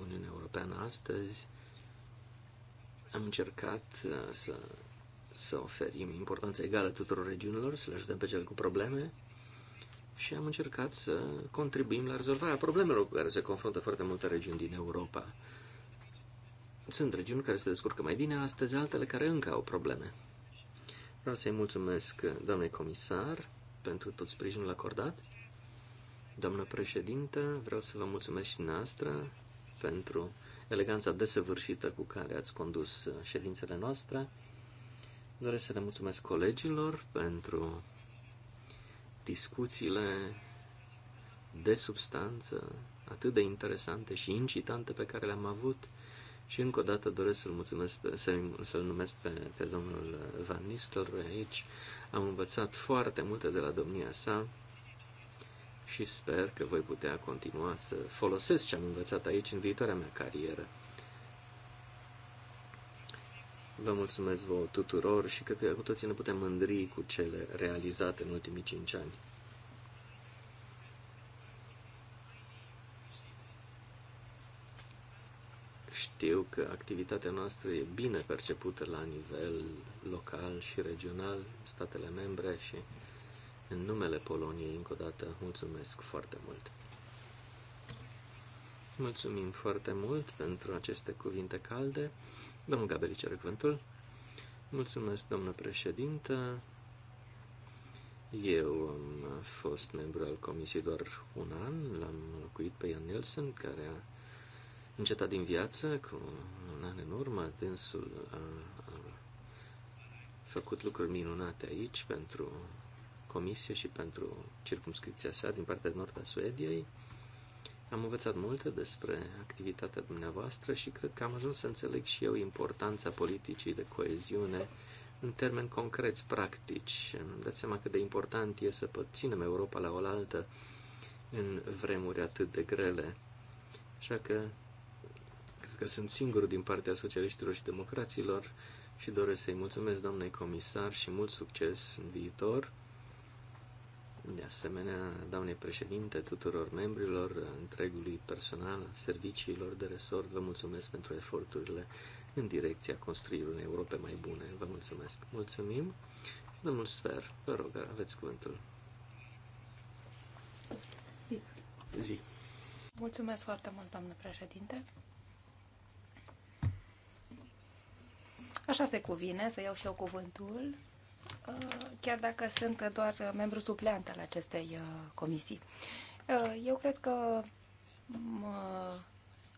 S2: Uniunea Europeană astăzi, am încercat uh, să, să oferim importanță egală tuturor regiunilor, să le ajutăm pe cele cu probleme și am încercat să contribuim la rezolvarea problemelor cu care se confruntă foarte multe regiuni din Europa. Sunt regiuni care se descurcă mai bine astăzi, altele care încă au probleme. Vreau să-i mulțumesc uh, doamne comisar pentru tot sprijinul acordat Doamnă președintă, vreau să vă mulțumesc și noastră pentru eleganța desăvârșită cu care ați condus ședințele noastre. Doresc să le mulțumesc colegilor pentru discuțiile de substanță atât de interesante și incitante pe care le-am avut și încă o dată doresc să-l mulțumesc, să-l, să numesc pe, pe domnul Van Nistelrooy aici. Am învățat foarte multe de la domnia sa și sper că voi putea continua să folosesc ce am învățat aici în viitoarea mea carieră. Vă mulțumesc vouă tuturor și cred că cu toții ne putem mândri cu cele realizate în ultimii cinci ani. Știu că activitatea noastră e bine percepută la nivel local și regional, statele membre și în numele Poloniei, încă o dată, mulțumesc foarte mult. Mulțumim foarte mult pentru aceste cuvinte calde. Domnul Gabeli cere Mulțumesc, domnule președinte. Eu am fost membru al comisiei doar un an, l-am locuit pe Ian Nielsen, care a încetat din viață cu un an în urmă. Dânsul a, a făcut lucruri minunate aici pentru comisie și pentru circumscripția sa din partea nord a Suediei. Am învățat multe despre activitatea dumneavoastră și cred că am ajuns să înțeleg și eu importanța politicii de coeziune în termeni concreți, practici. Îmi dați seama cât de important e să păținem Europa la oaltă în vremuri atât de grele. Așa că cred că sunt singur din partea socialiștilor și democraților și doresc să-i mulțumesc doamnei comisar și mult succes în viitor de asemenea doamne președinte, tuturor membrilor, întregului personal, serviciilor de resort. Vă mulțumesc pentru eforturile în direcția construirii unei Europe mai bune. Vă mulțumesc. Mulțumim. Domnul Sfer, vă rog, aveți cuvântul. Zi. Zi.
S1: Mulțumesc foarte mult, doamnă președinte. Așa se cuvine să iau și eu cuvântul Uh, chiar dacă sunt doar membru supleant al acestei uh, comisii. Uh, eu cred că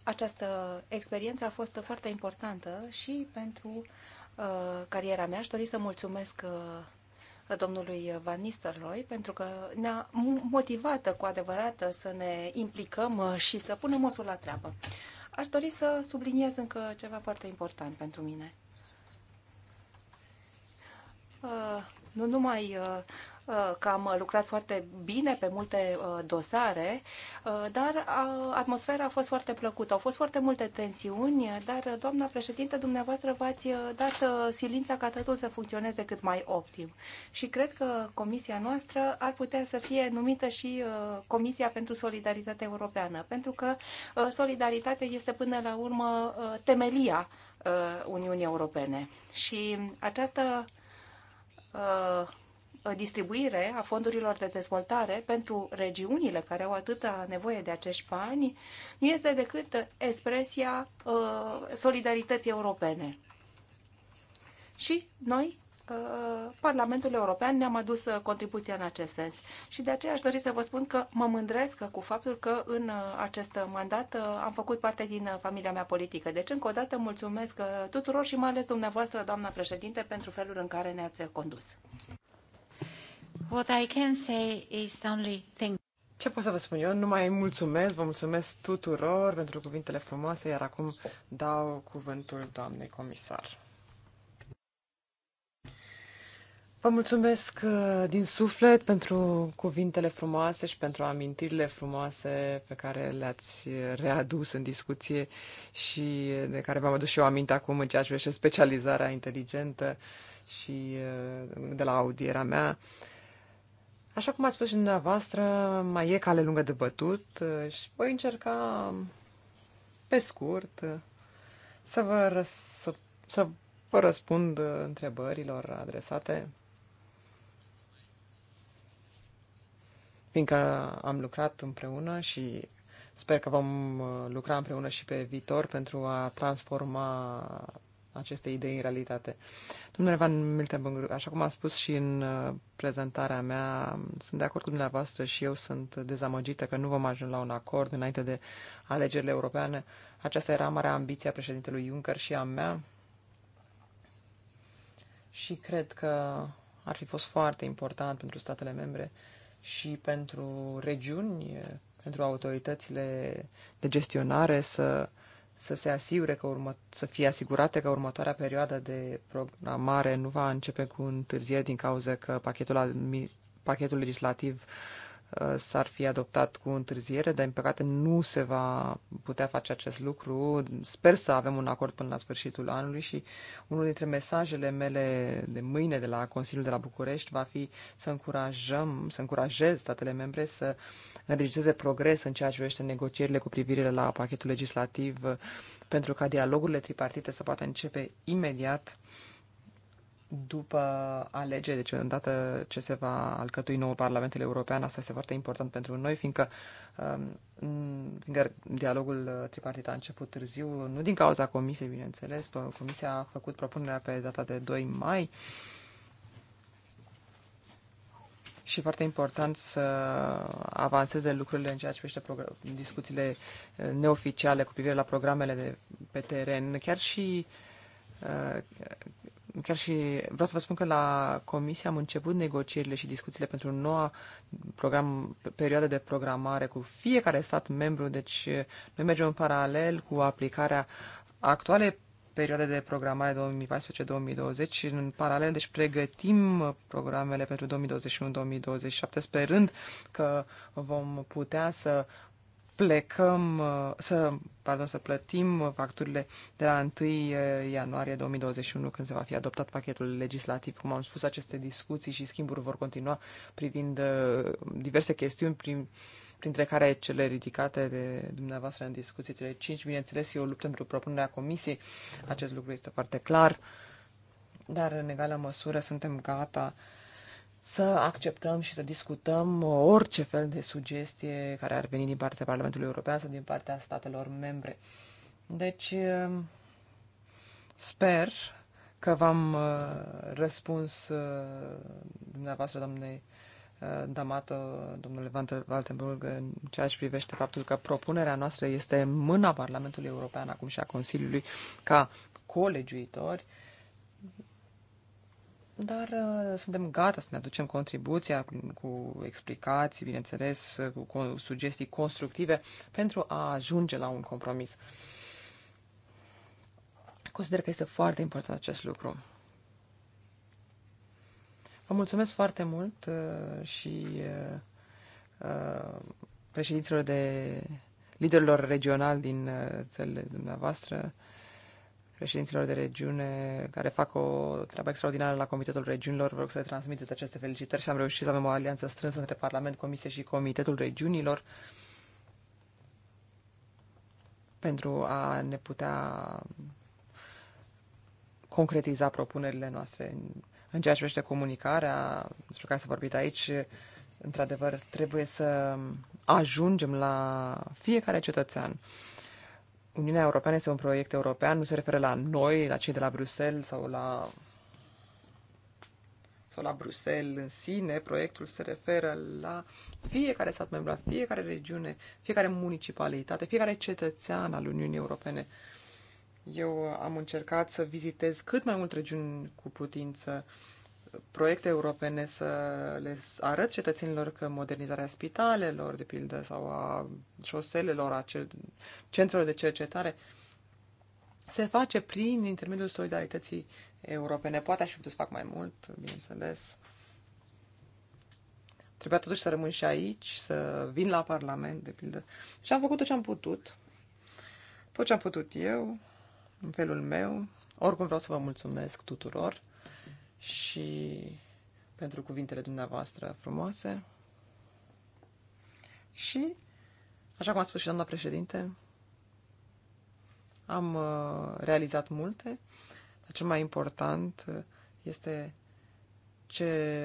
S1: această experiență a fost foarte importantă și pentru cariera mea. Aș dori să mulțumesc domnului Van Nistelrooy, pentru că ne-a motivat cu adevărat să ne implicăm și să punem osul la treabă. Aș dori să subliniez încă ceva foarte important pentru mine. Uh, nu numai uh, uh, că am lucrat foarte bine pe multe dosare, dar atmosfera a fost foarte plăcută. Au fost foarte multe tensiuni, dar, doamna președinte, dumneavoastră v-ați dat silința ca totul să funcționeze cât mai optim. Și cred că comisia noastră ar putea să fie numită și Comisia pentru Solidaritate Europeană, pentru că solidaritatea este până la urmă temelia Uniunii Europene. Și această Uh, distribuire a fondurilor de dezvoltare pentru regiunile care au atâta nevoie de acești bani nu este decât expresia uh, solidarității europene. Și noi Parlamentul European ne-am adus uh, contribuția în acest sens. Și de aceea aș dori să vă spun că mă mândresc cu faptul că în uh, acest mandat uh, am făcut parte din familia mea politică. Deci, încă o dată, mulțumesc tuturor și mai ales dumneavoastră, doamna președinte, pentru felul în care ne-ați condus.
S3: What I can say is only thank. Ce pot să vă spun eu? Numai mulțumesc, vă mulțumesc tuturor pentru cuvintele frumoase, iar acum dau cuvântul doamnei comisar. Vă mulțumesc uh, din suflet pentru cuvintele frumoase și pentru amintirile frumoase pe care le-ați readus în discuție și de care v-am adus și eu aminte acum în ceea ce privește specializarea inteligentă și uh, de la audierea mea. Așa cum ați spus și dumneavoastră, mai e cale lungă de bătut uh, și voi încerca um, pe scurt să vă, răs- să vă răspund întrebărilor adresate fiindcă am lucrat împreună și sper că vom uh, lucra împreună și pe viitor pentru a transforma aceste idei în realitate. Domnule Van Miltenburg, așa cum am spus și în uh, prezentarea mea, sunt de acord cu dumneavoastră și eu sunt dezamăgită că nu vom ajunge la un acord înainte de alegerile europene. Aceasta era marea ambiție a președintelui Juncker și a mea și cred că ar fi fost foarte important pentru statele membre și pentru regiuni, pentru autoritățile de gestionare să, să se asigure că urmă, să fie asigurate că următoarea perioadă de programare nu va începe cu întârziere din cauza că pachetul, pachetul legislativ uh, s-ar fi adoptat cu întârziere, dar, în păcate, nu se va putea face acest lucru. Sper să avem un acord până la sfârșitul anului și unul dintre mesajele mele de mâine de la Consiliul de la București va fi să încurajăm, să încurajez statele membre să înregistreze progres în ceea ce privește negocierile cu privire la pachetul legislativ pentru ca dialogurile tripartite să poată începe imediat uh, după alegeri, deci odată ce se va alcătui nou Parlamentul European, asta este foarte important pentru noi, fiindcă, um, fiindcă dialogul tripartit a început târziu, nu din cauza comisiei, bineînțeles, comisia a făcut propunerea pe data de 2 mai și foarte important să avanseze lucrurile în ceea ce privește discuțiile uh, neoficiale cu privire la programele de pe teren, chiar și uh, chiar și vreau să vă spun că la comisie am început negocierile și discuțiile pentru noua program, perioadă de programare cu fiecare stat membru, deci noi mergem în paralel cu aplicarea actuale perioade de programare 2014-2020 în paralel, deci pregătim programele pentru 2021-2027, sperând că vom putea să plecăm, uh, să, pardon, să plătim facturile de la 1 uh, ianuarie 2021 când se va fi adoptat pachetul legislativ. Cum am spus, aceste discuții și schimburi vor continua privind uh, diverse chestiuni, prin, printre care cele ridicate de dumneavoastră în discuții, cele 5, bineînțeles, e o luptă pentru propunerea comisiei. Acest lucru este foarte clar. Dar, în egală măsură, suntem gata uh, să acceptăm și să discutăm orice fel de sugestie care ar veni din partea Parlamentului European sau din partea statelor membre. Deci, ehm, sper că v-am eh, răspuns eh, dumneavoastră, doamne eh, Damato, domnule Valtenburg, în ceea ce privește faptul că propunerea noastră este în mâna Parlamentului European acum și a Consiliului ca colegiuitori dar uh, suntem gata să ne aducem contribuția cu, cu explicații, bineînțeles, uh, cu, cu sugestii constructive pentru a ajunge la un compromis. Consider că este foarte important acest lucru. Vă mulțumesc foarte mult uh, și uh, uh președinților de liderilor regionali din uh, țările dumneavoastră președinților de regiune care fac o treabă extraordinară la Comitetul Regiunilor. Vă rog să le transmiteți aceste felicitări și am reușit să avem o alianță strânsă între Parlament, Comisie și Comitetul Regiunilor pentru a ne putea concretiza propunerile noastre în ceea ce privește comunicarea, despre care s-a vorbit aici, într-adevăr, trebuie să ajungem la fiecare cetățean. Uniunea Europeană este un proiect european, nu se referă la noi, la cei de la Bruxelles sau la sau la Bruxelles în sine, proiectul se referă la fiecare stat membru, la fiecare regiune, fiecare municipalitate, fiecare cetățean al Uniunii Europene. Eu am încercat să vizitez cât mai mult regiuni cu putință proiecte europene să le arăt cetățenilor că modernizarea spitalelor, de pildă, sau a șoselelor, a centrelor de cercetare, se face prin intermediul solidarității europene. Poate aș fi putut să fac mai mult, bineînțeles. Trebuia totuși să rămân și aici, să vin la Parlament, de pildă. Și am făcut tot ce am putut. Tot ce am putut eu, în felul meu. Oricum vreau să vă mulțumesc tuturor și pentru cuvintele dumneavoastră frumoase. Și, așa cum a spus și doamna președinte, am uh, realizat multe, dar cel mai important uh, este ce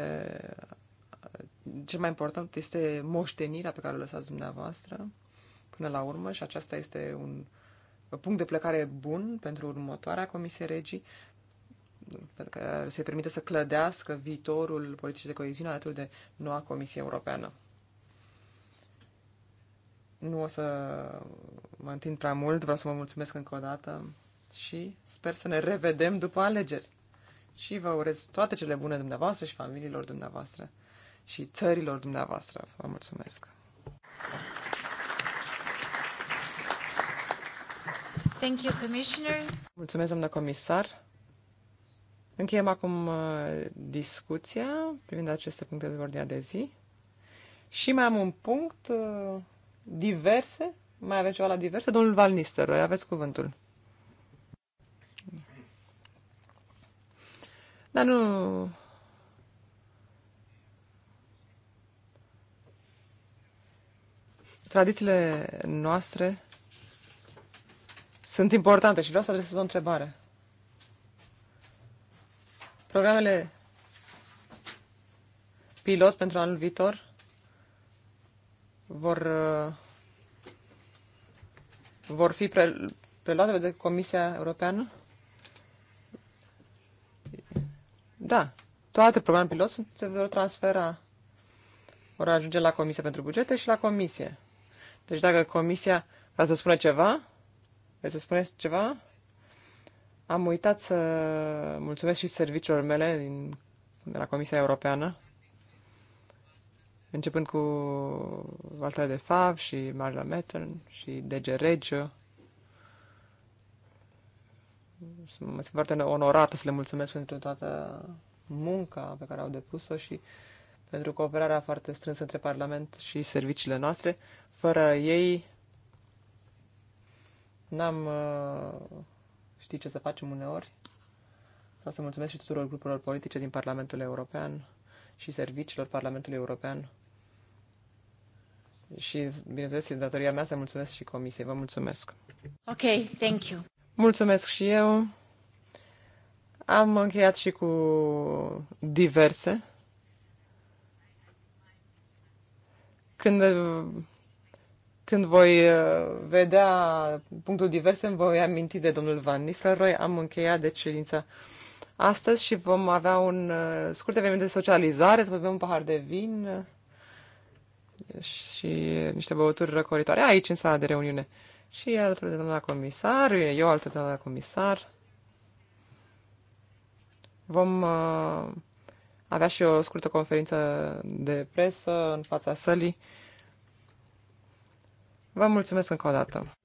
S3: uh, cel mai important este moștenirea pe care o lăsați dumneavoastră până la urmă și aceasta este un punct de plecare bun pentru următoarea Comisie Regii pentru că se permite să clădească viitorul politicii de coeziune alături de noua Comisie Europeană. Nu o să mă întind prea mult, vreau să mă mulțumesc încă o dată și sper să ne revedem după alegeri. Și vă urez toate cele bune dumneavoastră și familiilor dumneavoastră și țărilor dumneavoastră. Vă mulțumesc!
S1: Thank you, Commissioner.
S3: Mulțumesc, doamna comisar. Încheiem acum uh, discuția privind aceste puncte de ordine de zi. Și mai am un punct uh, diverse. Mai aveți ceva la diverse? Domnul Val aveți cuvântul. Dar nu... Tradițiile noastre sunt importante și vreau să adresez o întrebare. Programele pilot pentru anul viitor vor, uh, vor fi pre, preluate de Comisia Europeană? Da, toate programele pilot se vor transfera. Vor ajunge la Comisia pentru Bugete și la Comisie. Deci dacă Comisia vrea să spună ceva, vreți să spuneți ceva? Am uitat să mulțumesc și serviciilor mele din, de la Comisia Europeană, începând cu Walter de Fav și Marla Metten și DG Regio. Sunt foarte onorată să le mulțumesc pentru toată munca pe care au depus-o și pentru cooperarea foarte strânsă între Parlament și serviciile noastre. Fără ei n-am uh, știi ce să facem uneori? Vreau să mulțumesc și tuturor grupurilor politice din Parlamentul European și serviciilor Parlamentului European. Și, bineînțeles, e datoria mea să mulțumesc și comisiei. Vă mulțumesc. Ok, thank you. Mulțumesc și eu. Am încheiat și cu diverse. Când când voi uh, vedea punctul divers, îmi voi aminti de domnul Van Nistelrooy. Am încheiat de deci, ședința astăzi și vom avea un uh, scurt eveniment de socializare, să bem un pahar de vin uh, și niște băuturi răcoritoare aici, în sala de reuniune. Și e alături de doamna comisar, eu alături de doamna comisar. Vom avea și o scurtă conferință de presă în fața sălii. Vă mulțumesc încă o dată.